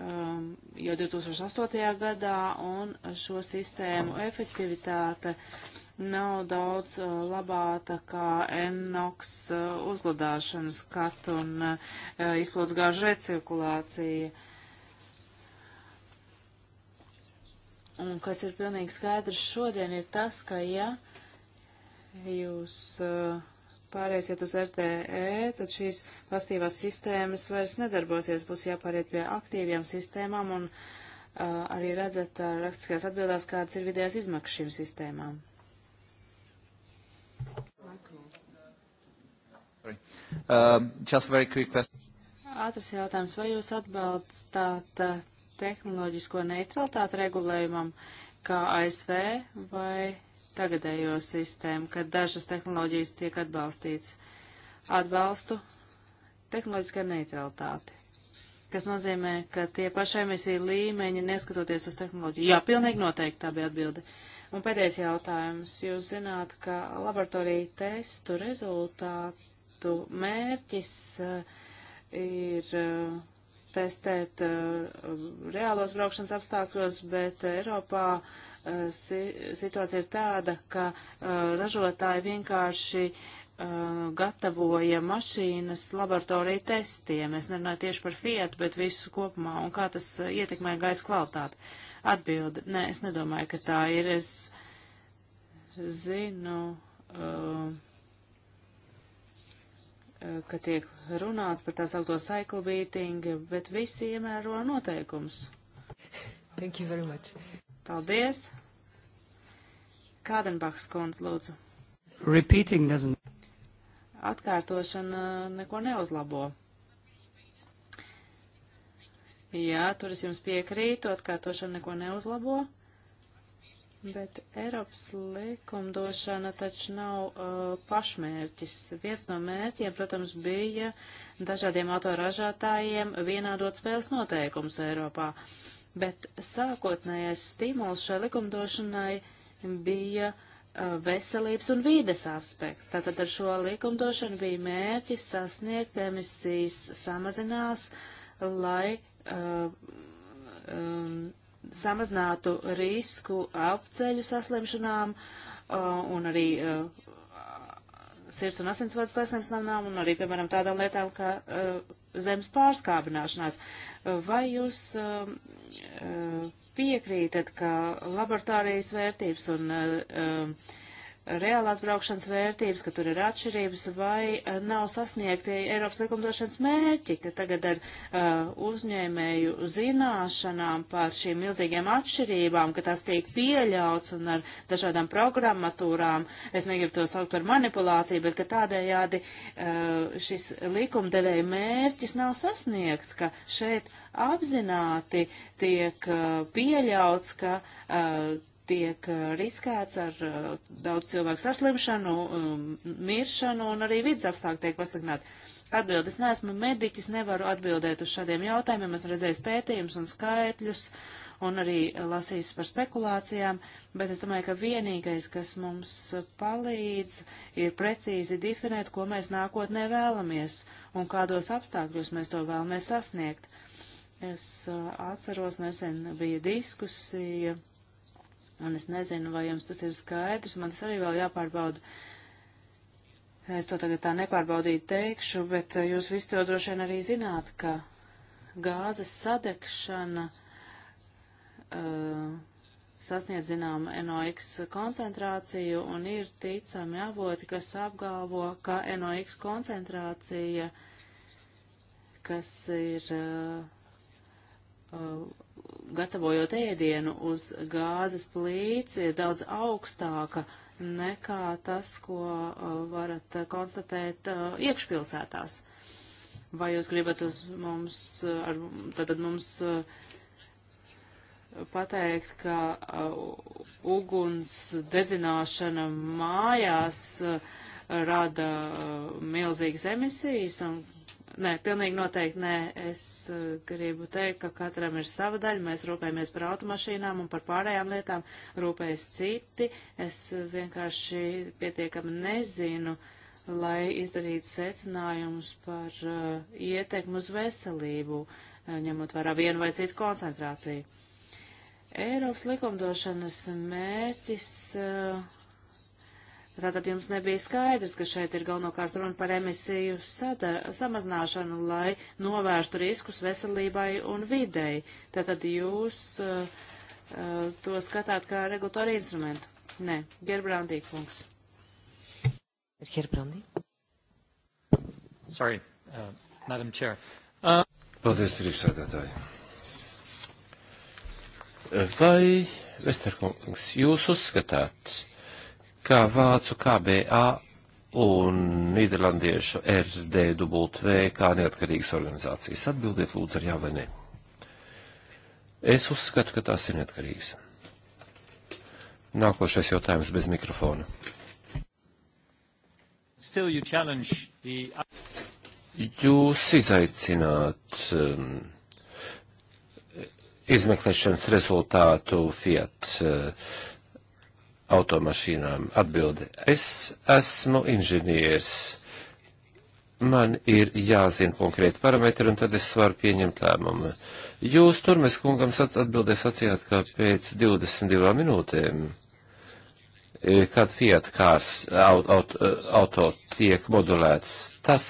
B: um, jau 2008. gadā, un šo sistēmu efektivitāte nav daudz uh, labāta kā NOx uh, uzlādāšanas skatu un uh, izplūdes gāžu recirkulācija. Un kas ir pilnīgi skaidrs šodien ir tas, ka ja jūs uh, pārēsiet uz RTE, tad šīs pastīvās sistēmas vairs nedarbosies, būs jāpāriet pie aktīviem sistēmām un uh, arī redzat uh, rakstiskās atbildās, kādas ir vidējās izmaksas šīm sistēmām.
A: Um,
B: Ātrs jautājums, vai jūs atbalstāt uh, tehnoloģisko neutralitāti regulējumam, kā ASV, vai tagadējo sistēmu, kad dažas tehnoloģijas tiek atbalstīts. Atbalstu tehnoloģiskai neutralitāti, kas nozīmē, ka tie paši emisiju līmeņi, neskatoties uz tehnoloģiju. Jā, pilnīgi noteikti tā bija atbilde. Un pēdējais jautājums. Jūs zināt, ka laboratorija testu rezultātu mērķis eh, ir eh, testēt eh, reālos braukšanas apstākļos, bet Eiropā uh, Eh, situācija ir tāda, ka eh, ražotāji vienkārši eh, gatavoja mašīnas laboratoriju testiem. Es nerunāju tieši par Fiat, bet visu kopumā un kā tas ietekmē gaisa kvalitāti. Atbildi. Nē, es nedomāju, ka tā ir. Es zinu, ka tiek runāts par tā saucamo cycle beating, bet visi iemēro noteikumus.
A: Thank you very much.
B: Paldies! Kādenbachs kundze, lūdzu.
A: Repeating doesn't.
B: Atkārtošana uh, neko neuzlabo. Jā, tur es jums piekrītu, atkārtošana neko neuzlabo, bet Eiropas likumdošana taču nav uh, pašmērķis. Viens no mērķiem, protams, bija dažādiem autoražātājiem vienādot spēles noteikumus Eiropā, bet sākotnējais stimuls šai likumdošanai uh, bija uh, veselības un vīdes aspekts. Tātad ar šo likumdošanu bija mērķis sasniegt emisijas samazinās, lai uh, um, samazinātu risku apceļu saslimšanām uh, un arī uh, sirds un asinsvadu saslimšanām un arī, piemēram, tādām lietām kā uh, zemes pārskābināšanās. Vai jūs um, uh, uh, piekrītat, ka laboratorijas vērtības un uh, reālās braukšanas vērtības, ka tur ir atšķirības, vai eh, nav sasniegti Eiropas likumdošanas mērķi, ka tagad ar uh, uzņēmēju zināšanām par šīm milzīgiem atšķirībām, ka tas tiek pieļauts un ar dažādām programmatūrām, es negribu to saukt par manipulāciju, bet ka tādējādi uh, šis likumdevēja mērķis nav sasniegts, ka šeit apzināti tiek uh, pieļauts, ka uh, tiek eh, riskēts ar eh, daudz cilvēku saslimšanu, um, miršanu un arī vidas apstākļi tiek pasliktināti. Atbildes neesmu mediķis, nevaru atbildēt uz šādiem jautājumiem, esmu redzējis pētījumus un skaitļus un arī lasījis par spekulācijām, bet es domāju, ka vienīgais, kas mums palīdz, ir precīzi definēt, ko mēs nākotnē vēlamies un kādos apstākļos mēs to vēlamies sasniegt. Es eh, atceros, nesen bija diskusija Un es nezinu, vai jums tas ir skaidrs, man tas arī vēl jāpārbauda. Es to tagad tā nepārbaudīju teikšu, bet jūs visi to droši vien arī zināt, ka gāzes sadegšana uh, sasniedz zināmu NOx koncentrāciju un ir ticami avoti, kas apgalvo, ka NOx koncentrācija, kas ir uh, gatavojot ēdienu uz gāzes plīts, ir daudz augstāka nekā tas, ko uh, varat konstatēt uh, iekšpilsētās. Vai jūs gribat uz mums, uh, ar, tad mums pateikt, ka uguns dedzināšana mājās rada milzīgas emisijas un Nē, pilnīgi noteikti nē. Es uh, gribu teikt, ka katram ir sava daļa. Mēs rūpējamies par automašīnām un par pārējām lietām rūpējas citi. Es vienkārši pietiekami nezinu, lai izdarītu secinājumus par uh, eh, ietekmu uz veselību, uh, ņemot vērā vienu vai citu koncentrāciju. Eiropas likumdošanas mērķis uh, Tātad jums nebija skaidrs, ka šeit ir galvenokārt runa par emisiju sada, samazināšanu, lai novērstu riskus veselībai un videi. Tātad jūs uh, uh, to skatāt kā regulatoru instrumentu. Nē, Gerbrandī kungs.
A: Ir Gerbrandī? Sorry, uh, Madam Chair. Uh... Paldies, priekšsēdētāji. Uh, vai, Vesterkungs, jūs uzskatāt, kā vācu KBA un nīderlandiešu RDW kā neatkarīgas organizācijas. Atbildiet lūdzu ar jā vai nē. Es uzskatu, ka tās ir neatkarīgas. Nākošais jautājums bez mikrofona. The... Jūs izaicināt um, izmeklēšanas rezultātu Fiat uh, automašīnām? Atbilde. Es esmu inženieris. Man ir jāzina konkrēti parametri, un tad es varu pieņemt lēmumu. Jūs tur mēs kungam atbildē sacījāt, ka pēc 22 minūtēm, eh, kad Fiat kārs auto, eh, auto tiek modulēts, tas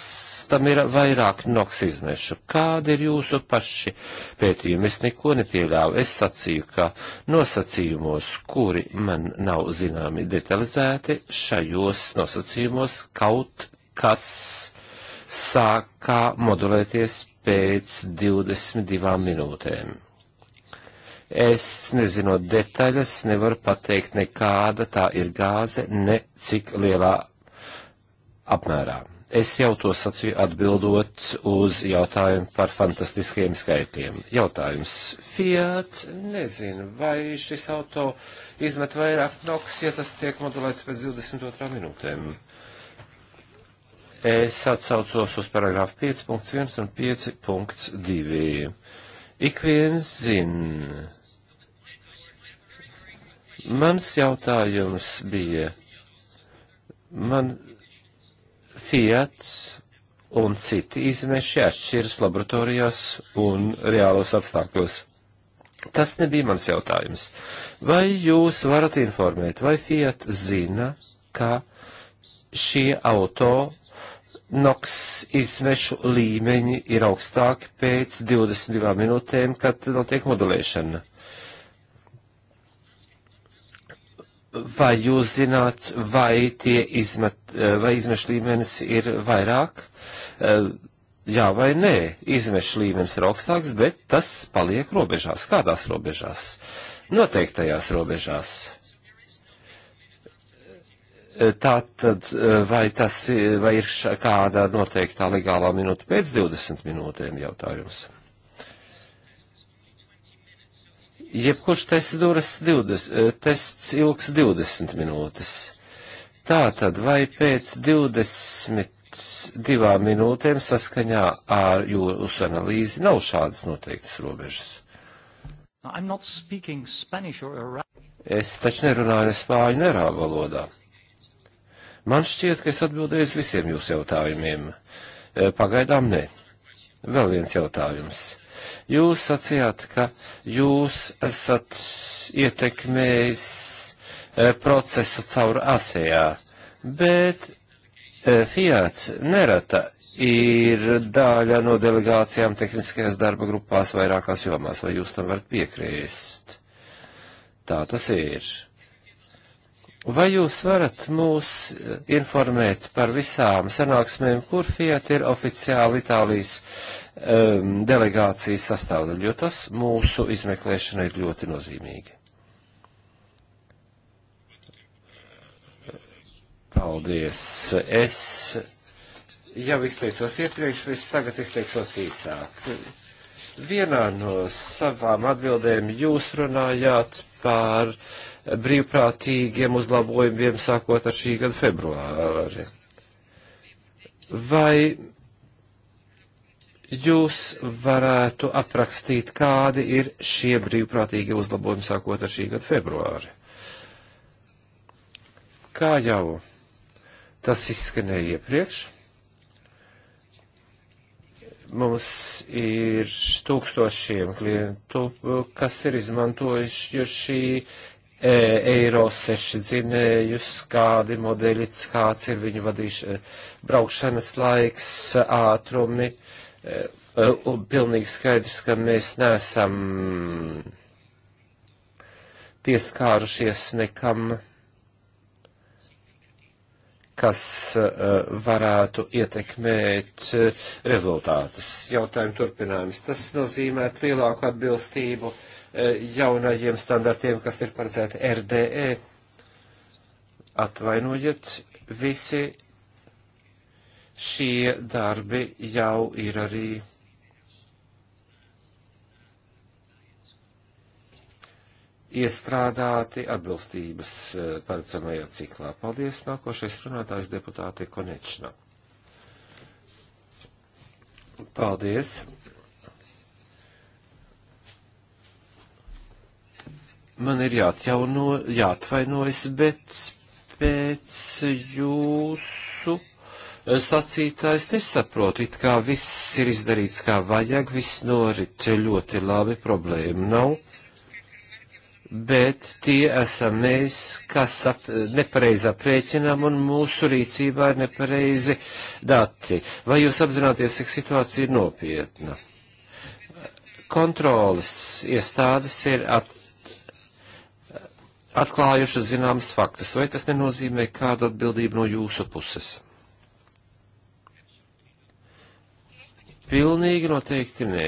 A: tam ir vairāk noks izmešu. Kāda ir jūsu paši pētījumi? Es neko nepieļāvu. Es sacīju, ka nosacījumos, kuri man nav zināmi detalizēti, šajos nosacījumos kaut kas sākā modulēties pēc 22 minūtēm. Es nezinu detaļas, nevaru pateikt nekāda tā ir gāze, ne cik lielā apmērā. Es jau to sacīju atbildot uz jautājumu par fantastiskiem skaitļiem. Jautājums. Fiat, nezinu, vai šis auto izmet vairāk noks, ja tas tiek modulēts pēc 22 minūtēm. Es atsaucos uz paragrāfu 5.1 un 5.2. Ik viens zina. Mans jautājums bija, man Fiat un citi izmeši atšķiras laboratorijās un reālos apstākļos. Tas nebija mans jautājums. Vai jūs varat informēt, vai Fiat zina, ka šie auto NOX izmešu līmeņi ir augstāki pēc 22 minūtēm, kad notiek modulēšana? vai jūs zināt, vai tie izmet, eh, vai izmešu līmenis ir vairāk? Eh, jā vai nē, izmešu līmenis ir augstāks, bet tas paliek robežās. Kādās robežās? Noteiktajās robežās. Eh, tā tad, vai tas, vai ir kāda noteiktā legālā minūte pēc 20 minūtēm jautājums? Jebkurš tests duras 20, eh, tests ilgs 20 minūtes. Tā tad vai pēc 22 minūtēm saskaņā ar jūsu analīzi nav šādas noteiktas robežas? Or... Es taču nerunāju ne spāņu, ne arābu valodā. Man šķiet, ka es atbildēju uz visiem jūsu jautājumiem. Eh, pagaidām nē. Vēl viens jautājums. Jūs sacījāt, ka jūs esat ietekmējis e, procesu caur ASEA, bet e, Fiats nerata ir daļa no delegācijām tehniskajās darba grupās vairākās jomās, vai jūs tam varat piekrist? Tā tas ir. Vai jūs varat mūs eh, informēt par visām sanāksmēm, kur Fiat ir oficiāli Itālijas um, delegācijas sastāvdaļa, jo tas mūsu izmeklēšana ir ļoti nozīmīgi. Paldies. Es jau izteicos iepriekš, bet tagad izteikšos īsāk. Vienā no savām atbildēm jūs runājāt par brīvprātīgiem uzlabojumiem sākot ar šī gada februāri. Vai jūs varētu aprakstīt, kādi ir šie brīvprātīgie uzlabojumi sākot ar šī gada februāri? Kā jau tas izskanēja iepriekš, Mums ir tūkstošiem klientu, kas ir izmantojuši šī e, eiro seši dzinējus, kādi modeļi, kāds ir viņu vadīša, e, braukšanas laiks, ātrumi. E, e, un pilnīgi skaidrs, ka mēs neesam pieskārušies nekam kas eh, varētu ietekmēt eh, rezultātus. Jautājumu turpinājums. Tas nozīmē lielāku atbilstību eh, jaunajiem standartiem, kas ir paredzēti RDE. Atvainojiet, visi šie darbi jau ir arī iestrādāti atbilstības eh, paredzamajā ciklā. Paldies, nākošais runātājs deputāte Konečna. Paldies. Man ir jāatjauno, jāatvainojas, bet pēc jūsu eh, sacītājs nesaprot, it kā viss ir izdarīts kā vajag, viss norit ļoti labi, problēma nav bet tie esam mēs, kas ap, nepareizi aprēķinām un mūsu rīcībā ir nepareizi dati. Vai jūs apzināties, cik situācija ir nopietna? Kontrolas iestādes ir at, atklājušas zināmas faktas. Vai tas nenozīmē kādu atbildību no jūsu puses? Pilnīgi noteikti nē.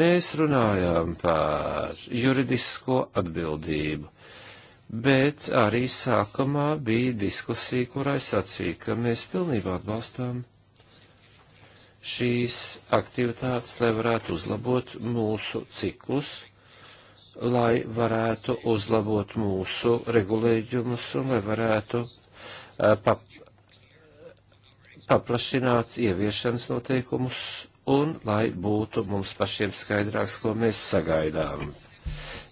A: Mēs runājām par juridisko atbildību. Bet arī sākumā bija diskusija, kurā es sacīju, ka mēs pilnībā atbalstām šīs aktivitātes, lai varētu uzlabot mūsu ciklus, lai varētu uzlabot mūsu regulējumus un lai varētu eh, pap paplašināt ieviešanas noteikumus un lai būtu mums pašiem skaidrāks, ko mēs sagaidām.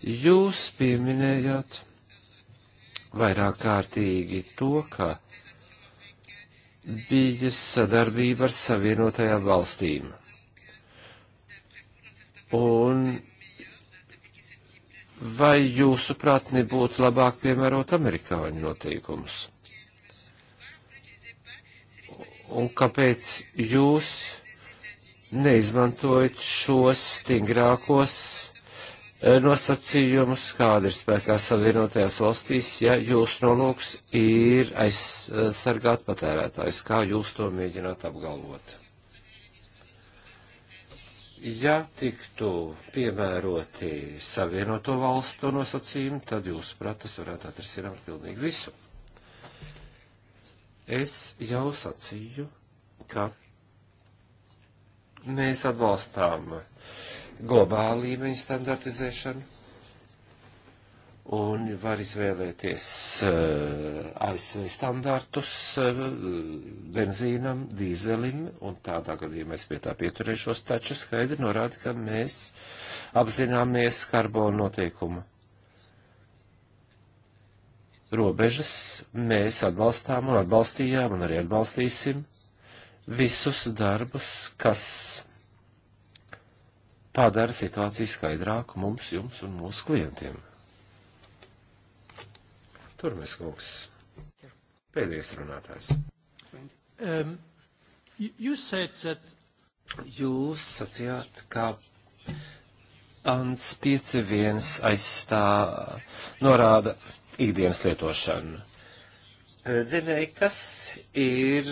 A: Jūs pieminējāt vairāk kārtīgi to, ka bija sadarbība ar savienotajām valstīm. Un vai jūsuprāt nebūtu labāk piemērot amerikāņu noteikumus? Un kāpēc jūs neizmantojot šos stingrākos eh, nosacījumus, kāda ir spēkā savienotajās valstīs, ja jūsu nolūks ir aizsargāt patērētājus, kā jūs to mēģināt apgalvot. Ja tiktu piemēroti savienoto valstu nosacījumi, tad jūs pratas varētu atrisināt pilnīgi visu. Es jau sacīju, ka Mēs atbalstām globālu līmeņu standartizēšanu un var izvēlēties uh, eh, ASV standartus uh, benzīnam, dīzelim, un tādā gadījumā es pie tā pieturēšos, taču skaidri norāda, ka mēs apzināmies karbonu noteikumu. Robežas mēs atbalstām un atbalstījām un arī atbalstīsim visus darbus, kas padara situāciju skaidrāku mums, jums un mūsu klientiem. Tur mēs kaut kas. Pēdējais runātājs. Um, jūs that... sacījāt, ka Ants 5.1 aizstā norāda ikdienas lietošanu. Dzinēji, kas ir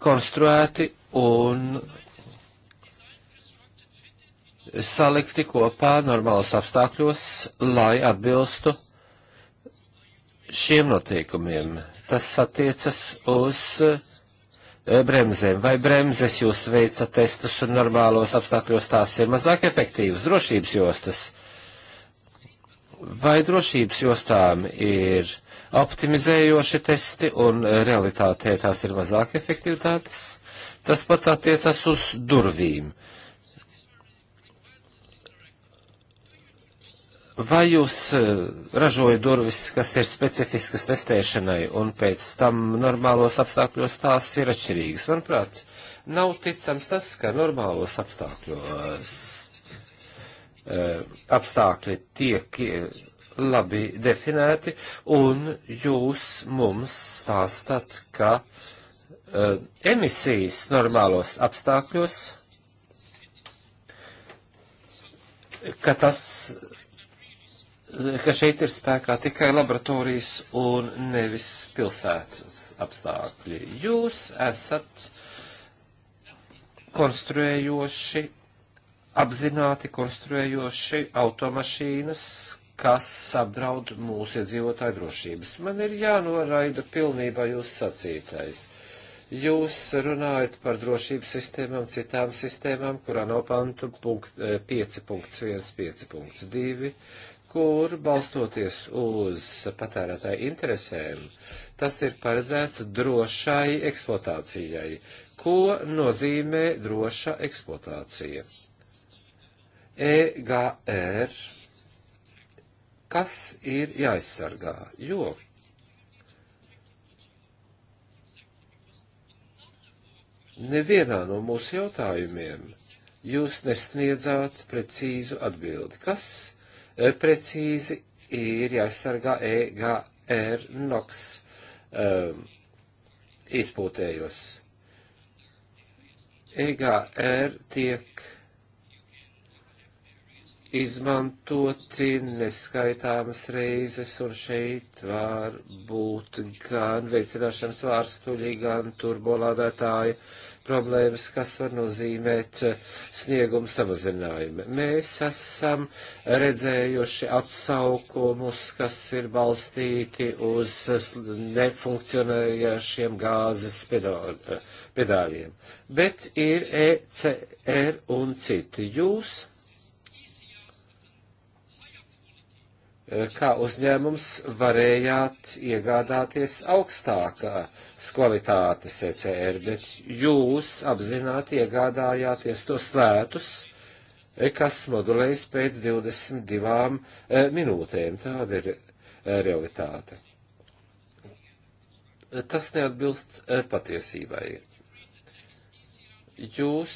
A: konstruēti un salikti kopā normālos apstākļos, lai atbilstu šiem noteikumiem. Tas attiecas uz eh, bremzēm. Vai bremzes jūs veicat testus un normālos apstākļos tās ir mazāk efektīvas drošības jostas? Vai drošības jostām ir optimizējoši testi un e, realitātē tās ir mazāk efektivitātes. Tas pats attiecas uz durvīm. Vai jūs e, ražojat durvis, kas ir specifiskas testēšanai, un pēc tam normālos apstākļos tās ir atšķirīgas? Manuprāt, nav ticams tas, ka normālos apstākļos e, apstākļi tiek labi definēti, un jūs mums stāstat, ka uh, emisijas normālos apstākļos, ka tas ka šeit ir spēkā tikai laboratorijas un nevis pilsētas apstākļi. Jūs esat konstruējoši, apzināti konstruējoši automašīnas, kas apdraud mūsu iedzīvotāju drošības. Man ir jānoraida pilnībā jūs sacītais. Jūs runājat par drošības sistēmām, citām sistēmām, kurā nav pantu 5.1.5.2, eh, kur balstoties uz patērētāju interesēm, tas ir paredzēts drošai eksploatācijai. Ko nozīmē droša eksploatācija? EGR kas ir jāaizsargā, jo nevienā no mūsu jautājumiem jūs nesniedzāt precīzu atbildi, kas e, precīzi ir jāaizsargā EGR NOX um, izpūtējos. EGR tiek izmantoti neskaitāmas reizes, un šeit var būt gan veicināšanas vārstuļi, gan turbolādētāji problēmas, kas var nozīmēt snieguma samazinājumu. Mēs esam redzējuši atsaukumus, kas ir balstīti uz nefunkcionējušiem gāzes pedāļiem, bet ir ECR un citi. Jūs Eh, kā uzņēmums varējāt iegādāties augstākās kvalitātes ECR, bet jūs apzināti iegādājāties tos lētus, eh, kas modulējas pēc 22 eh, minūtēm. Tāda ir realitāte. Tas neatbilst patiesībai. Jūs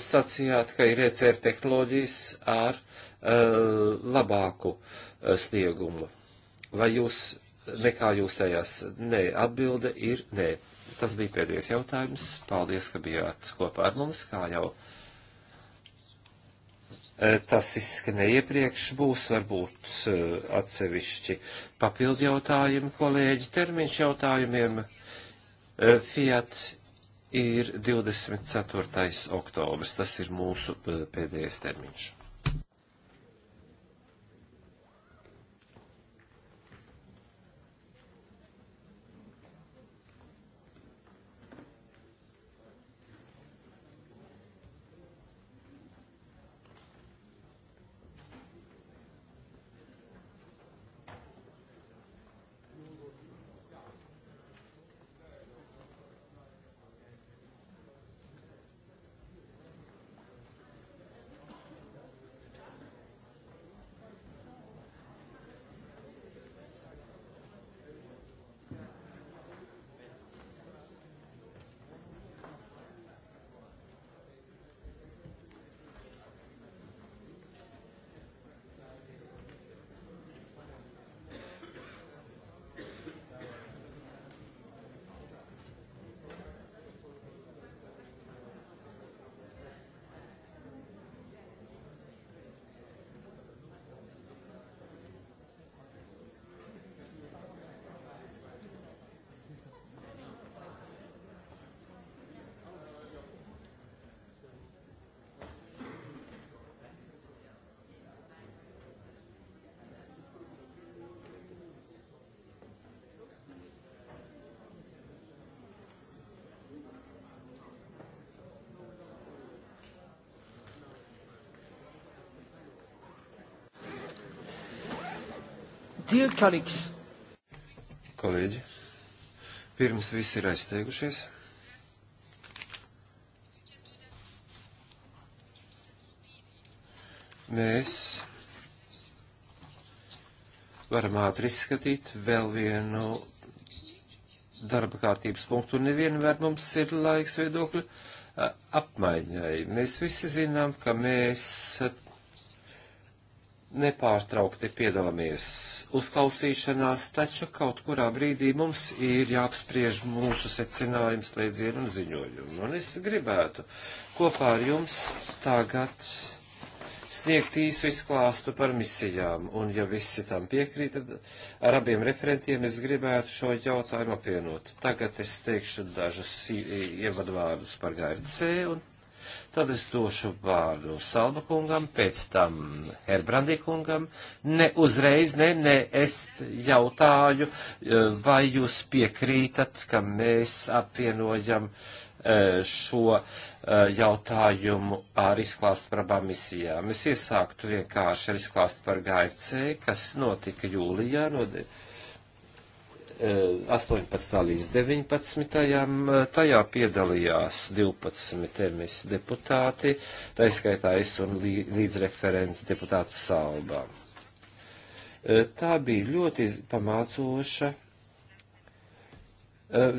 A: sacījāt, ka ir ECR tehnoloģijas ar uh, labāku uh, sniegumu. Vai jūs nekā jūsējās? Nē, atbilde ir nē. Tas bija pēdējais jautājums. Paldies, ka bijāt kopā ar mums, kā jau eh, tas izskanēja iepriekš, būs varbūt atsevišķi papildu jautājumi, kolēģi, termiņš jautājumiem. Fiat ir 24. oktobris. Tas ir mūsu eh, pēdējais termiņš.
B: Dear colleagues.
A: Kolēģi, pirms visi ir aizsteigušies. Mēs varam ātri izskatīt vēl vienu darba kārtības punktu, un nevienmēr mums ir laiks viedokļu apmaiņai. Mēs visi zinām, ka mēs nepārtraukti piedalāmies uzklausīšanās, taču kaut kurā brīdī mums ir jāapspriež mūsu secinājums, slēdzienu un ziņojumu. Un es gribētu kopā ar jums tagad sniegt īsu izklāstu par misijām, un ja visi tam piekrīt, tad ar abiem referentiem es gribētu šo jautājumu apvienot. Tagad es teikšu dažus ievadvārdus par GRC un Tad es došu vārdu Salba kungam, pēc tam Herbrandī kungam. Ne uzreiz, ne, ne, es jautāju, eh, vai jūs piekrītat, ka mēs apvienojam eh, šo eh, jautājumu ar izklāstu par abām misijām. Es iesāktu vienkārši ar izklāstu par GFC, kas notika jūlijā. No 18. Eh, līdz 19. Eh, tajā piedalījās 12 emis deputāti, taiskaitā es un līdzreferents deputāts Salbā. Eh, tā bija ļoti pamācoša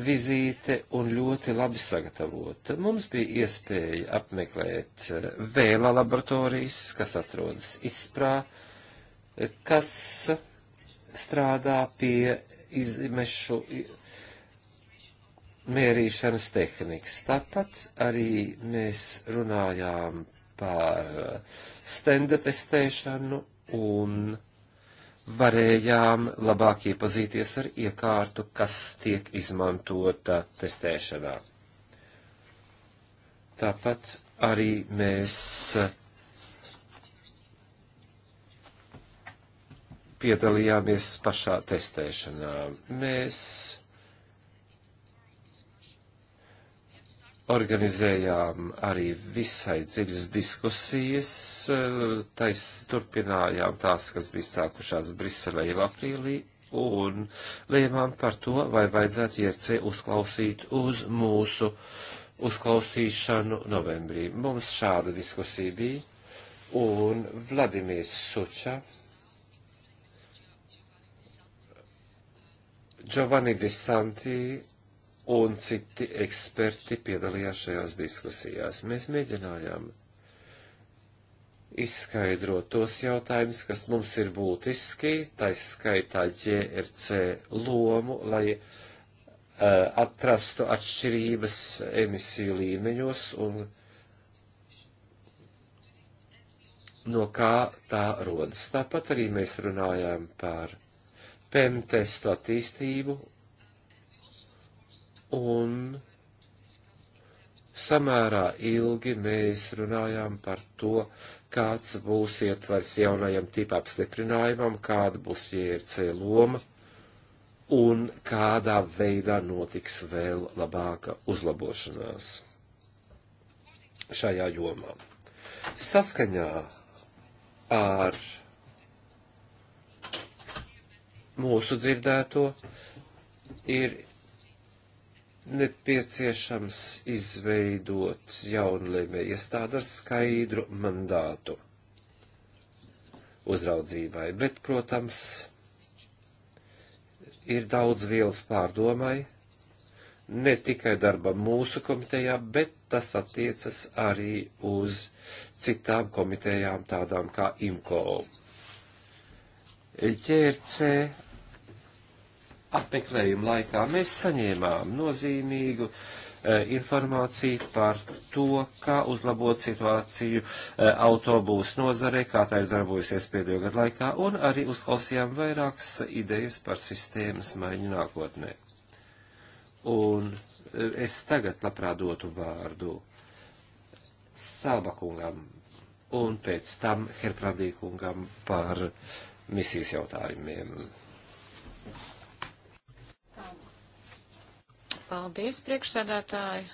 A: vizīte un ļoti labi sagatavota. Mums bija iespēja apmeklēt vēla laboratorijas, kas atrodas izsprā, kas strādā pie izmešu mērīšanas tehnikas. Tāpat arī mēs runājām par stenda testēšanu un varējām labāk iepazīties ar iekārtu, kas tiek izmantota testēšanā. Tāpat arī mēs uh, piedalījāmies pašā testēšanā. Mēs organizējām arī visai dziļas diskusijas, tais turpinājām tās, kas bija sākušās Briselē jau aprīlī, un lēmām par to, vai vajadzētu IRC uzklausīt uz mūsu uzklausīšanu novembrī. Mums šāda diskusija bija, un Vladimirs Suča Giovanni De Santi un citi eksperti piedalījās šajās diskusijās. Mēs mēģinājām izskaidrot tos jautājumus, kas mums ir būtiski, taiskaitā ģRC lomu, lai uh, atrastu atšķirības emisiju līmeņos un no kā tā rodas. Tāpat arī mēs runājām par PEM testu attīstību un samērā ilgi mēs runājām par to, kāds būs ietvers jaunajam tipu apstiprinājumam, kāda būs JRC loma un kādā veidā notiks vēl labāka uzlabošanās šajā jomā. Saskaņā ar mūsu dzirdēto ir nepieciešams izveidot jaunlēmē iestādu ar skaidru mandātu uzraudzībai, bet, protams, ir daudz vielas pārdomai, ne tikai darbam mūsu komitejā, bet tas attiecas arī uz citām komitejām, tādām kā IMCO. Ķērcē apmeklējuma laikā mēs saņēmām nozīmīgu e, informāciju par to, kā uzlabot situāciju e, autobūsu nozarē, kā tā ir darbojusies pēdējo gadu laikā, un arī uzklausījām vairākas idejas par sistēmas maiņu nākotnē. Un e, es tagad labprāt dotu vārdu Salbakungam un pēc tam Herpradīkungam par misijas jautājumiem.
C: Paldies, priekšsēdētāji,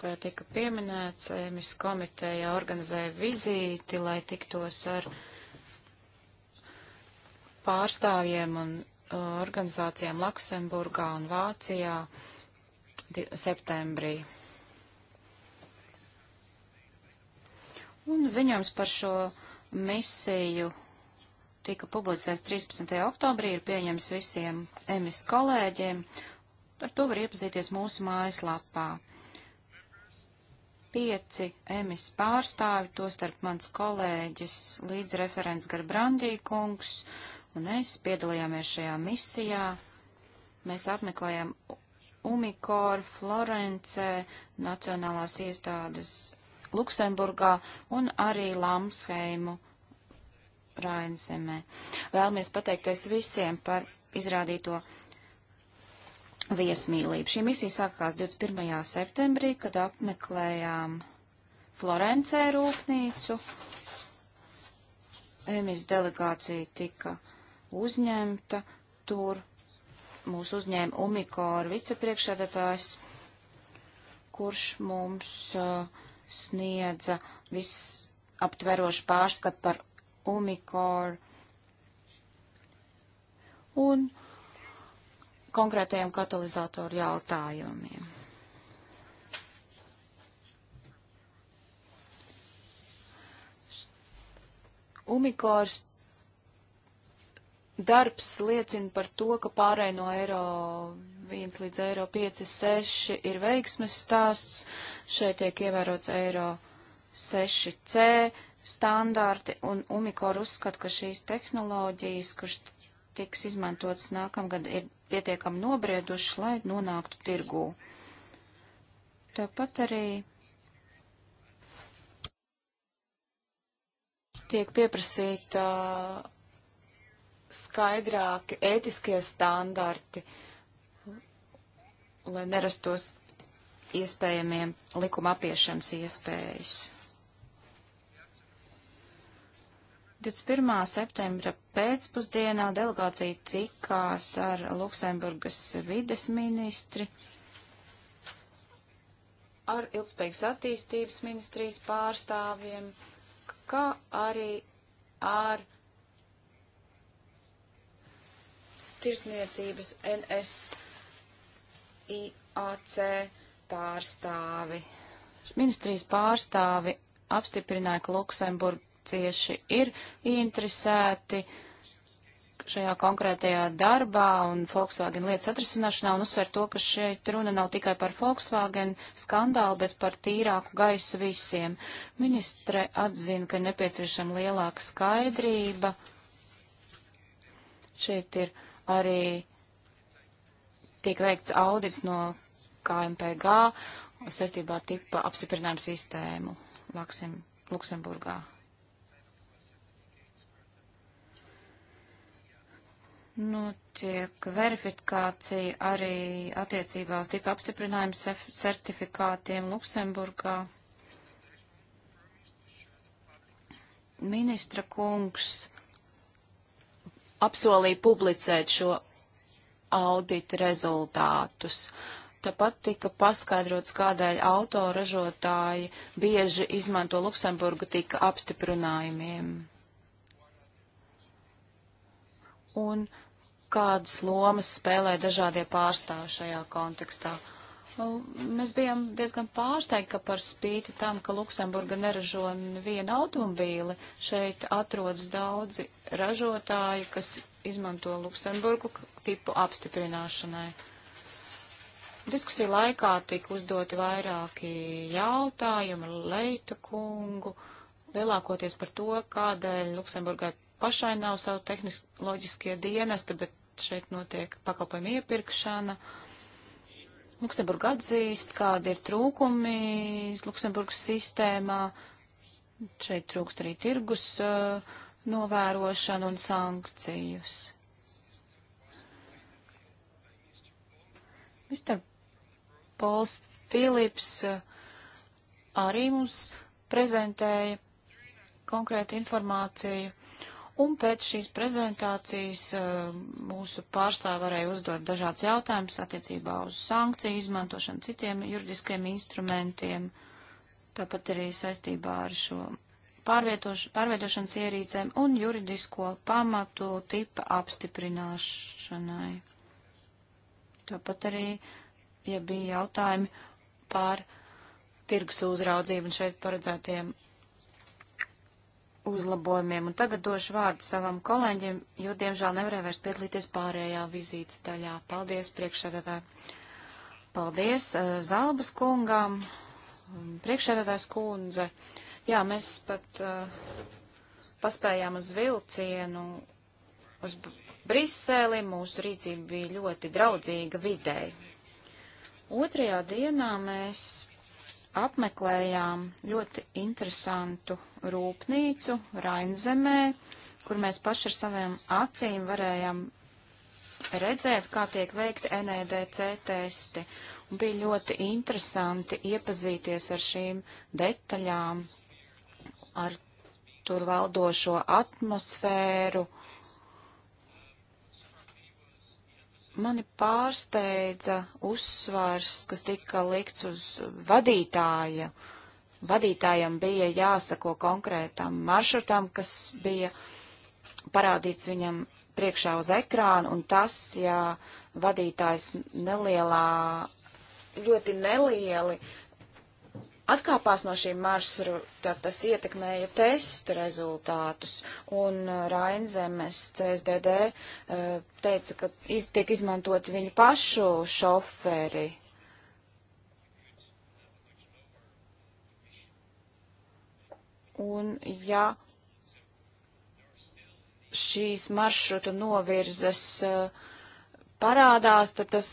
C: kā jau tika pieminēts, EMIS komiteja organizēja vizīti, lai tiktos ar pārstāvjiem un uh, organizācijām Luksemburgā un Vācijā septembrī. Un ziņojums par šo misiju tika publicēts 13. oktobrī, ir pieņems visiem emis kolēģiem, Ar to var iepazīties mūsu mājaslapā. Pieci emis pārstāvi, tostarp mans kolēģis līdzreferents Garbrandī kungs un es piedalījāmies šajā misijā. Mēs apmeklējām Umikor, Florence, Nacionālās iestādes Luksemburgā un arī Lamsheimu Rainzemē. Vēlamies pateikties visiem par izrādīto viesmīlību. Šī misija sākās 21. septembrī, kad apmeklējām Florencē rūpnīcu. Emis delegācija tika uzņemta tur. Mūs uzņēma Umikor vicepriekšēdētājs, kurš mums uh, sniedza visaptverošu pārskatu par Umikor. Un konkrētajiem katalizatoru jautājumiem. Umikors darbs liecina par to, ka pārēj no eiro 1 līdz eiro 5, 6 ir veiksmes stāsts. Šeit tiek ievērots eiro 6C standārti, un Umikor uzskata, ka šīs tehnoloģijas, kuras tiks izmantotas nākamgad, ir pietiekami nobrieduši, lai nonāktu tirgū. Tāpat arī tiek pieprasīta uh, skaidrāki ētiskie standarti, lai nerastos iespējamiem likuma apiešanas iespējas. 21. septembra pēcpusdienā delegācija tikās ar Luksemburgas vides ministri, ar ilgspējīgas attīstības ministrijas pārstāvjiem, kā arī ar tirsniecības NSIAC pārstāvi. Ministrijas pārstāvi apstiprināja, ka Luksemburga cieši ir interesēti šajā konkrētajā darbā un Volkswagen lietas atrisināšanā un uzsver to, ka šeit runa nav tikai par Volkswagen skandālu, bet par tīrāku gaisu visiem. Ministre atzina, ka nepieciešama lielāka skaidrība. Šeit ir arī tiek veikts audits no KMPG saistībā ar tipa apstiprinājumu sistēmu Laksim, Luksemburgā. Notiek nu, verifikācija arī attiecībā uz tipu apstiprinājumu certifikātiem Luksemburgā. Ministra kungs apsolīja publicēt šo audita rezultātus. Tāpat tika paskaidrots, kādēļ autoražotāji bieži izmanto Luksemburgu tika apstiprinājumiem. Un uh, kādas lomas spēlē dažādie pārstāvi šajā kontekstā. Mēs bijām diezgan pārsteigti, ka par spīti tam, ka Luksemburga neražo nevienu automobīli, šeit atrodas daudzi ražotāji, kas izmanto Luksemburgu tipu apstiprināšanai. Diskusiju laikā tika uzdoti vairāki jautājumi ar Leitu kungu, lielākoties par to, kādēļ Luksemburgai pašai nav savu tehnoloģiskie dienesti, bet šeit notiek pakalpojumu iepirkšana. Luksemburga atzīst, kādi ir trūkumi Luksemburgas sistēmā. Šeit trūkst arī tirgus uh, novērošana un sankcijas. Mr. Pols Filips uh, arī mums prezentēja konkrētu informāciju Un pēc šīs prezentācijas eh, mūsu pārstāv varēja uzdot dažāds jautājums attiecībā uz sankciju izmantošanu citiem juridiskiem instrumentiem, tāpat arī saistībā ar šo pārvietoš pārvietošanas ierīcēm un juridisko pamatu tipa apstiprināšanai. Tāpat arī, ja bija jautājumi par tirgus uzraudzību un šeit paredzētiem uzlabojumiem. Un tagad došu vārdu savam kolēģim, jo, diemžēl, nevarēju vairs piedalīties pārējā vizītes daļā. Paldies, priekšsēdētāji! Paldies eh, Zalbas kungām, priekšsēdētājs kundze. Jā, mēs pat uh, paspējām uz vilcienu, uz Briseli, mūsu rīcība bija ļoti draudzīga videi. Otrajā dienā mēs apmeklējām ļoti interesantu rūpnīcu Rainzemē, kur mēs paši ar saviem acīm varējām redzēt, kā tiek veikti NEDC testi. Un bija ļoti interesanti iepazīties ar šīm detaļām, ar tur valdošo atmosfēru, uh, Mani pārsteidza uzsvars, kas tika likts uz vadītāja. Vadītājam bija jāsako konkrētam maršrutam, kas bija parādīts viņam priekšā uz ekrāna, un tas, ja vadītājs nelielā, ļoti nelieli uh, atkāpās no šī maršruta, tas ietekmēja testu rezultātus, un uh, Rainzemes CSDD uh, teica, ka iz, tiek izmantot viņu pašu šoferi. Un ja šīs maršrutu novirzes uh, parādās, tad tas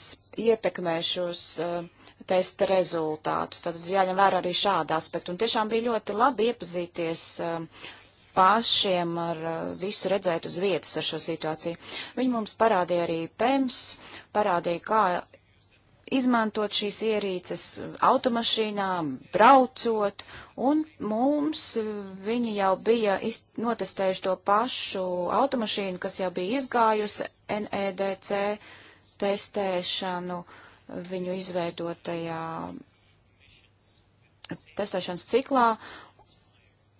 C: ietekmē šos uh, testa rezultātus. Tad jāņem vērā arī šāda aspekta. Un tiešām bija ļoti labi iepazīties um, pašiem ar uh, visu redzēt uz vietas ar šo situāciju. Viņi mums parādīja arī PEMS, parādīja, kā izmantot šīs ierīces automašīnā, braucot, un mums uh, viņi jau bija notestējuši to pašu automašīnu, kas jau bija izgājusi NEDC testēšanu. Uh, viņu izveidotajā testēšanas ciklā.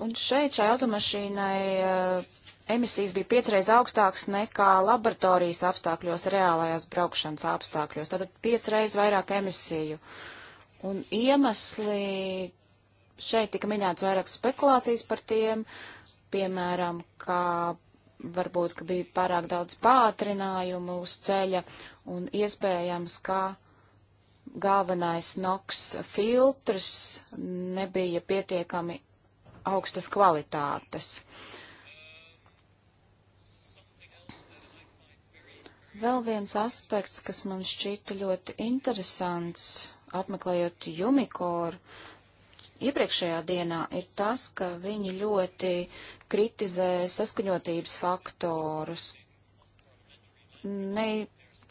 C: Un šeit šai automašīnai eh, emisijas bija piecreiz augstākas nekā laboratorijas apstākļos, reālajās braukšanas apstākļos. Tātad piecreiz vairāk emisiju. Un iemesli šeit tika minēts vairākas spekulācijas par tiem, piemēram, kā varbūt, ka bija pārāk daudz pātrinājumu uz ceļa un iespējams, ka. Kā galvenais NOX filtrs nebija pietiekami augstas kvalitātes. Vēl viens aspekts, kas man šķita ļoti interesants, apmeklējot Jumikoru, iepriekšējā dienā ir tas, ka viņi ļoti kritizē saskaņotības faktorus. Ne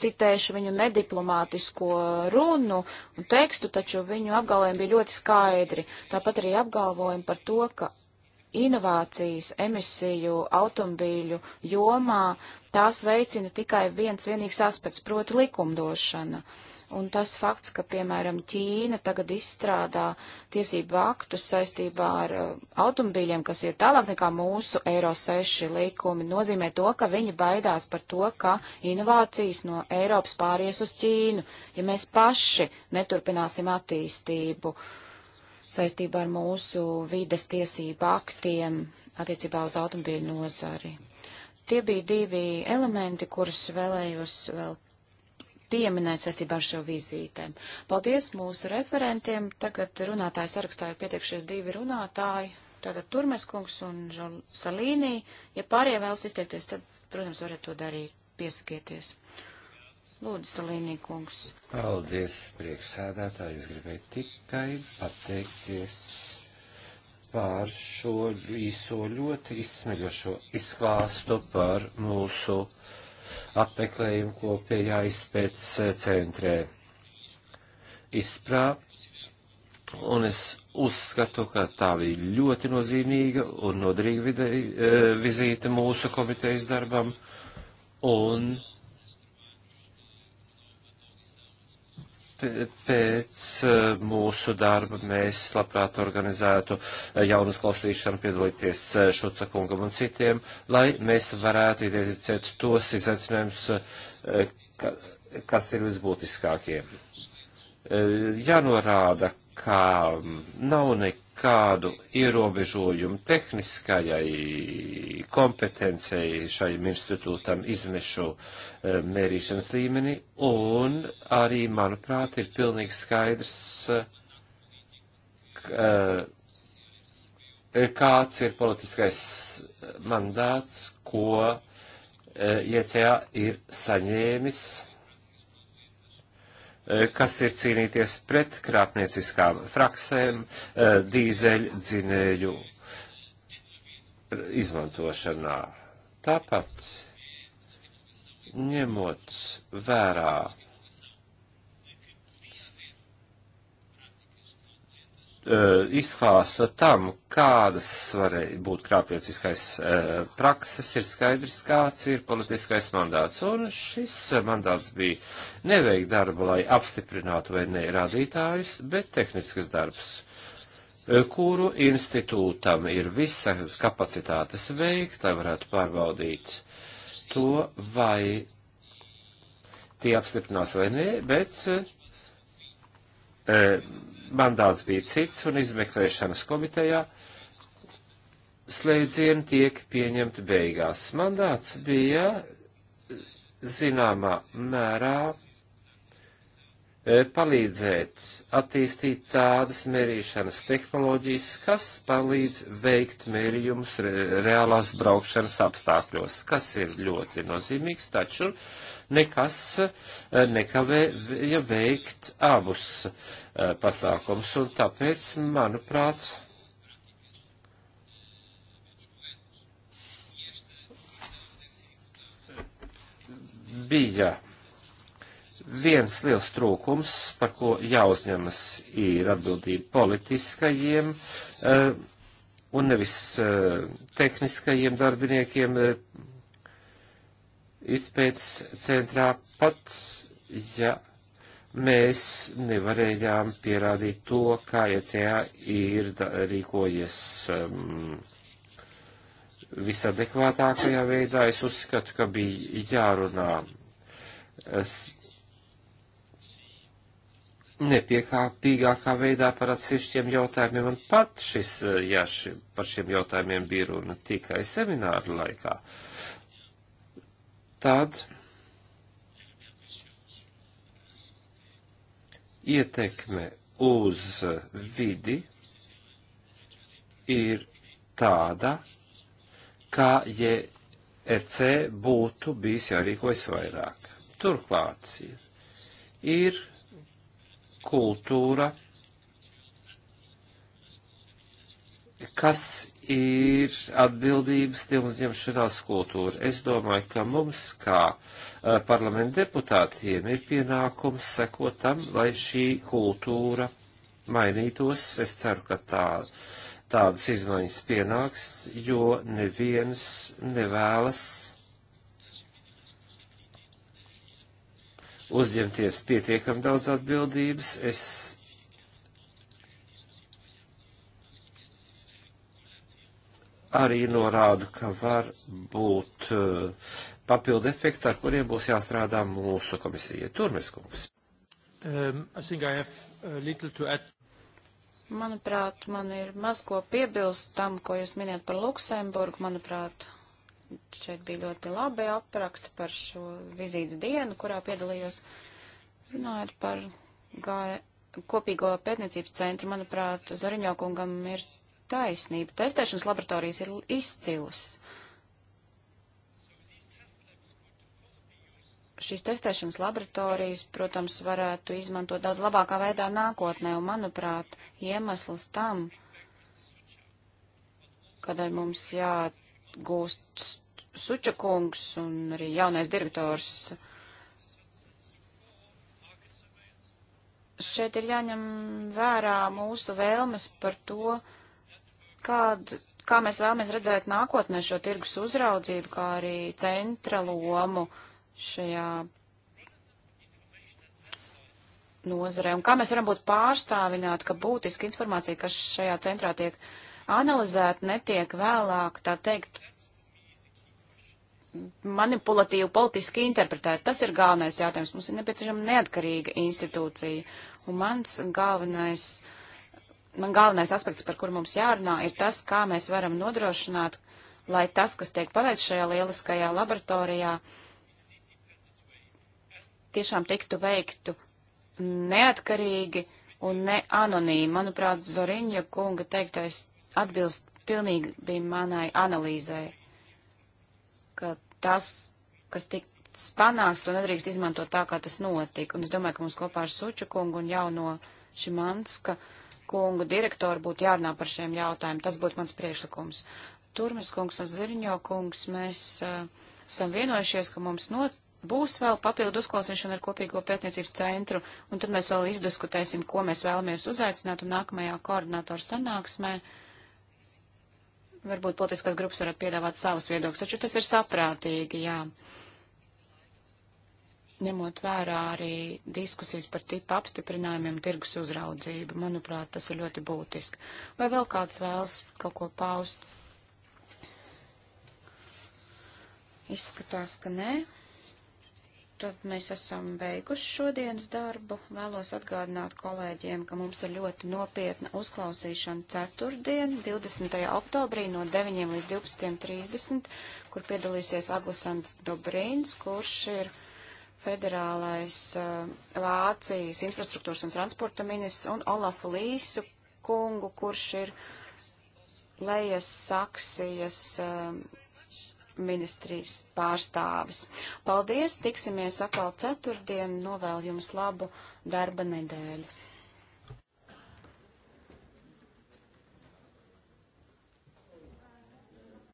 C: citēšu viņu nediplomātisko runu un tekstu, taču viņu apgalvojumi bija ļoti skaidri. Tāpat arī apgalvojumi par to, ka inovācijas emisiju automobīļu jomā tās veicina tikai viens vienīgs aspekts, proti likumdošana. Uh, Un tas fakts, ka, piemēram, Ķīna tagad izstrādā tiesību aktus saistībā ar uh, automobīļiem, kas ir tālāk nekā mūsu Eiro 6 likumi, nozīmē to, ka viņi baidās par to, ka inovācijas no Eiropas pāries uz Ķīnu, ja mēs paši neturpināsim attīstību saistībā ar mūsu vides tiesību aktiem attiecībā uz automobīļu nozari. Tie bija divi elementi, kurus vēlējos vēl pieminēt saistībā ar šo vizītēm. Paldies mūsu referentiem. Tagad runātāju sarakstā ir pietiekšies divi runātāji. Tātad Turmes kungs un Salīnī. Ja pārējie vēlas izteikties, tad, protams, varat to darīt. Piesakieties. Lūdzu, Salīnī kungs.
A: Paldies, priekšsēdētāji. Es gribēju tikai pateikties pār šo īso ļoti izsmeļošo izklāstu par mūsu uh, apmeklējumu kopējā izpētes eh, centrē izprā, un es uzskatu, ka tā bija ļoti nozīmīga un noderīga videi, eh, vizīte mūsu komitejas darbam, un pēc eh, mūsu darba mēs labprāt organizētu eh, jaunu klausīšanu, piedalīties eh, Šucakungam un citiem, lai mēs varētu identificēt tos izaicinājumus, kas ir visbūtiskākie. Jānorāda, ka mm, nav nekā nekādu ierobežojumu tehniskajai kompetencei šajam institūtam izmešu eh, mērīšanas līmenī, un arī, manuprāt, ir pilnīgi skaidrs, eh, kāds ir politiskais mandāts, ko eh, ICA ir saņēmis Eh, kas ir cīnīties pret krāpnieciskām fraksēm, eh, dīzeļdzinēju izmantošanā. Tāpat ņemot vērā Eh, izklāstu tam, kādas varēja būt krāpnieciskais eh, prakses, ir skaidrs, kāds ir politiskais mandāts. Un šis mandāts bija neveikt darbu, lai apstiprinātu vai ne rādītājus, bet tehnisks darbs, eh, kuru institūtam ir visas kapacitātes veikt, lai varētu pārbaudīt to, vai tie apstiprinās vai nē, bet mandāts bija cits, un izmeklēšanas komitejā slēdzieni tiek pieņemti beigās. Mandāts bija zināmā mērā palīdzēt attīstīt tādas mērīšanas tehnoloģijas, kas palīdz veikt mērījumus re reālās braukšanas apstākļos, kas ir ļoti nozīmīgs, taču nekas eh, nekavē ja veikt abus eh, pasākums. Un tāpēc, manuprāt, bija viens liels trūkums, par ko jāuzņemas ir atbildība politiskajiem eh, un nevis tehniskajiem darbiniekiem izpētes centrā pats, ja mēs nevarējām pierādīt to, kā ECA ir rīkojies um, visadekvātākajā veidā. Es uzskatu, ka bija jārunā es nepiekāpīgākā veidā par atsevišķiem jautājumiem, un pat šis, jā, ši, par šiem jautājumiem bija runa tikai semināru laikā. Uh, tad ietekme uz vidi ir tāda, kā JRC e būtu bijis jārīkojas vairāk. Turklāt ir kultūra, kas ir atbildības neuzņemšanās kultūra. Es domāju, ka mums, kā eh, parlamenta deputātiem, ir pienākums sekot tam, lai šī kultūra mainītos. Es ceru, ka tā, tādas izmaiņas pienāks, jo neviens nevēlas uzņemties pietiekam daudz atbildības. Es arī norādu, ka var būt eh, papildu efekti, ar kuriem būs jāstrādā mūsu komisija. Turmes kungs. Um, uh,
C: Manuprāt, man ir maz ko piebilst tam, ko jūs minējat par Luksemburgu. Manuprāt, šeit bija ļoti labi apraksti par šo vizītes dienu, kurā piedalījos. Runājot par gāja, e, kopīgo pētniecības centru, manuprāt, Zariņokungam ir taisnība. Testēšanas laboratorijas ir izcilas. Šīs testēšanas laboratorijas, protams, varētu izmantot daudz labākā veidā nākotnē, un, manuprāt, iemesls tam, kādēļ mums jāgūst Sučakungs un arī jaunais direktors. Šeit ir jāņem vērā mūsu vēlmes par to, kād, kā mēs vēlamies redzēt nākotnē šo tirgus uzraudzību, kā arī centra lomu šajā nozarē, un kā mēs varam būt pārstāvināti, ka būtiski informācija, kas šajā centrā tiek analizēta, netiek vēlāk, tā teikt, manipulatīvi politiski interpretēt. Tas ir galvenais jautājums. Mums ir nepieciešama neatkarīga institūcija. Un mans galvenais uh, man galvenais aspekts, par kur mums jārunā, ir tas, kā mēs varam nodrošināt, lai tas, kas tiek paveikts šajā lieliskajā laboratorijā, tiešām tiktu veiktu neatkarīgi un neanonīmi. Manuprāt, Zoriņa kunga teiktais atbilst pilnīgi bija manai analīzai, ka tas, kas tik panāks, to nedrīkst izmantot tā, kā tas notika. Un es domāju, ka mums kopā ar Suču kungu un jauno Šimanska. Uh, kungu direktoru būtu jārunā par šiem jautājumiem. Tas būtu mans priekšlikums. Turmas kungs un Ziriņo kungs, mēs uh, esam vienojušies, ka mums not, būs vēl papildu uzklausīšana ar kopīgo pētniecības centru, un tad mēs vēl izdiskutēsim, ko mēs vēlamies uzaicināt, un nākamajā koordinātoru sanāksmē varbūt politiskās grupas varētu piedāvāt savus viedokļus, taču tas ir saprātīgi, jā. Uh, ņemot vērā arī diskusijas par tipu apstiprinājumiem, tirgus uzraudzību. Manuprāt, tas ir ļoti būtiski. Vai vēl kāds vēlas kaut ko paust? Izskatās, ka nē. Tad mēs esam beiguši šodienas darbu. Vēlos atgādināt kolēģiem, ka mums ir ļoti nopietna uzklausīšana ceturtdien, 20. oktobrī no 9 līdz 12.30, kur piedalīsies Aglisants Dobrīns, kurš ir federālais uh, Vācijas infrastruktūras un transporta ministrs un Olafu Līsu kungu, kurš ir lejas saksijas uh, ministrijas pārstāvis. Paldies, tiksimies atkal ceturtdien, novēl jums labu darba
A: nedēļu.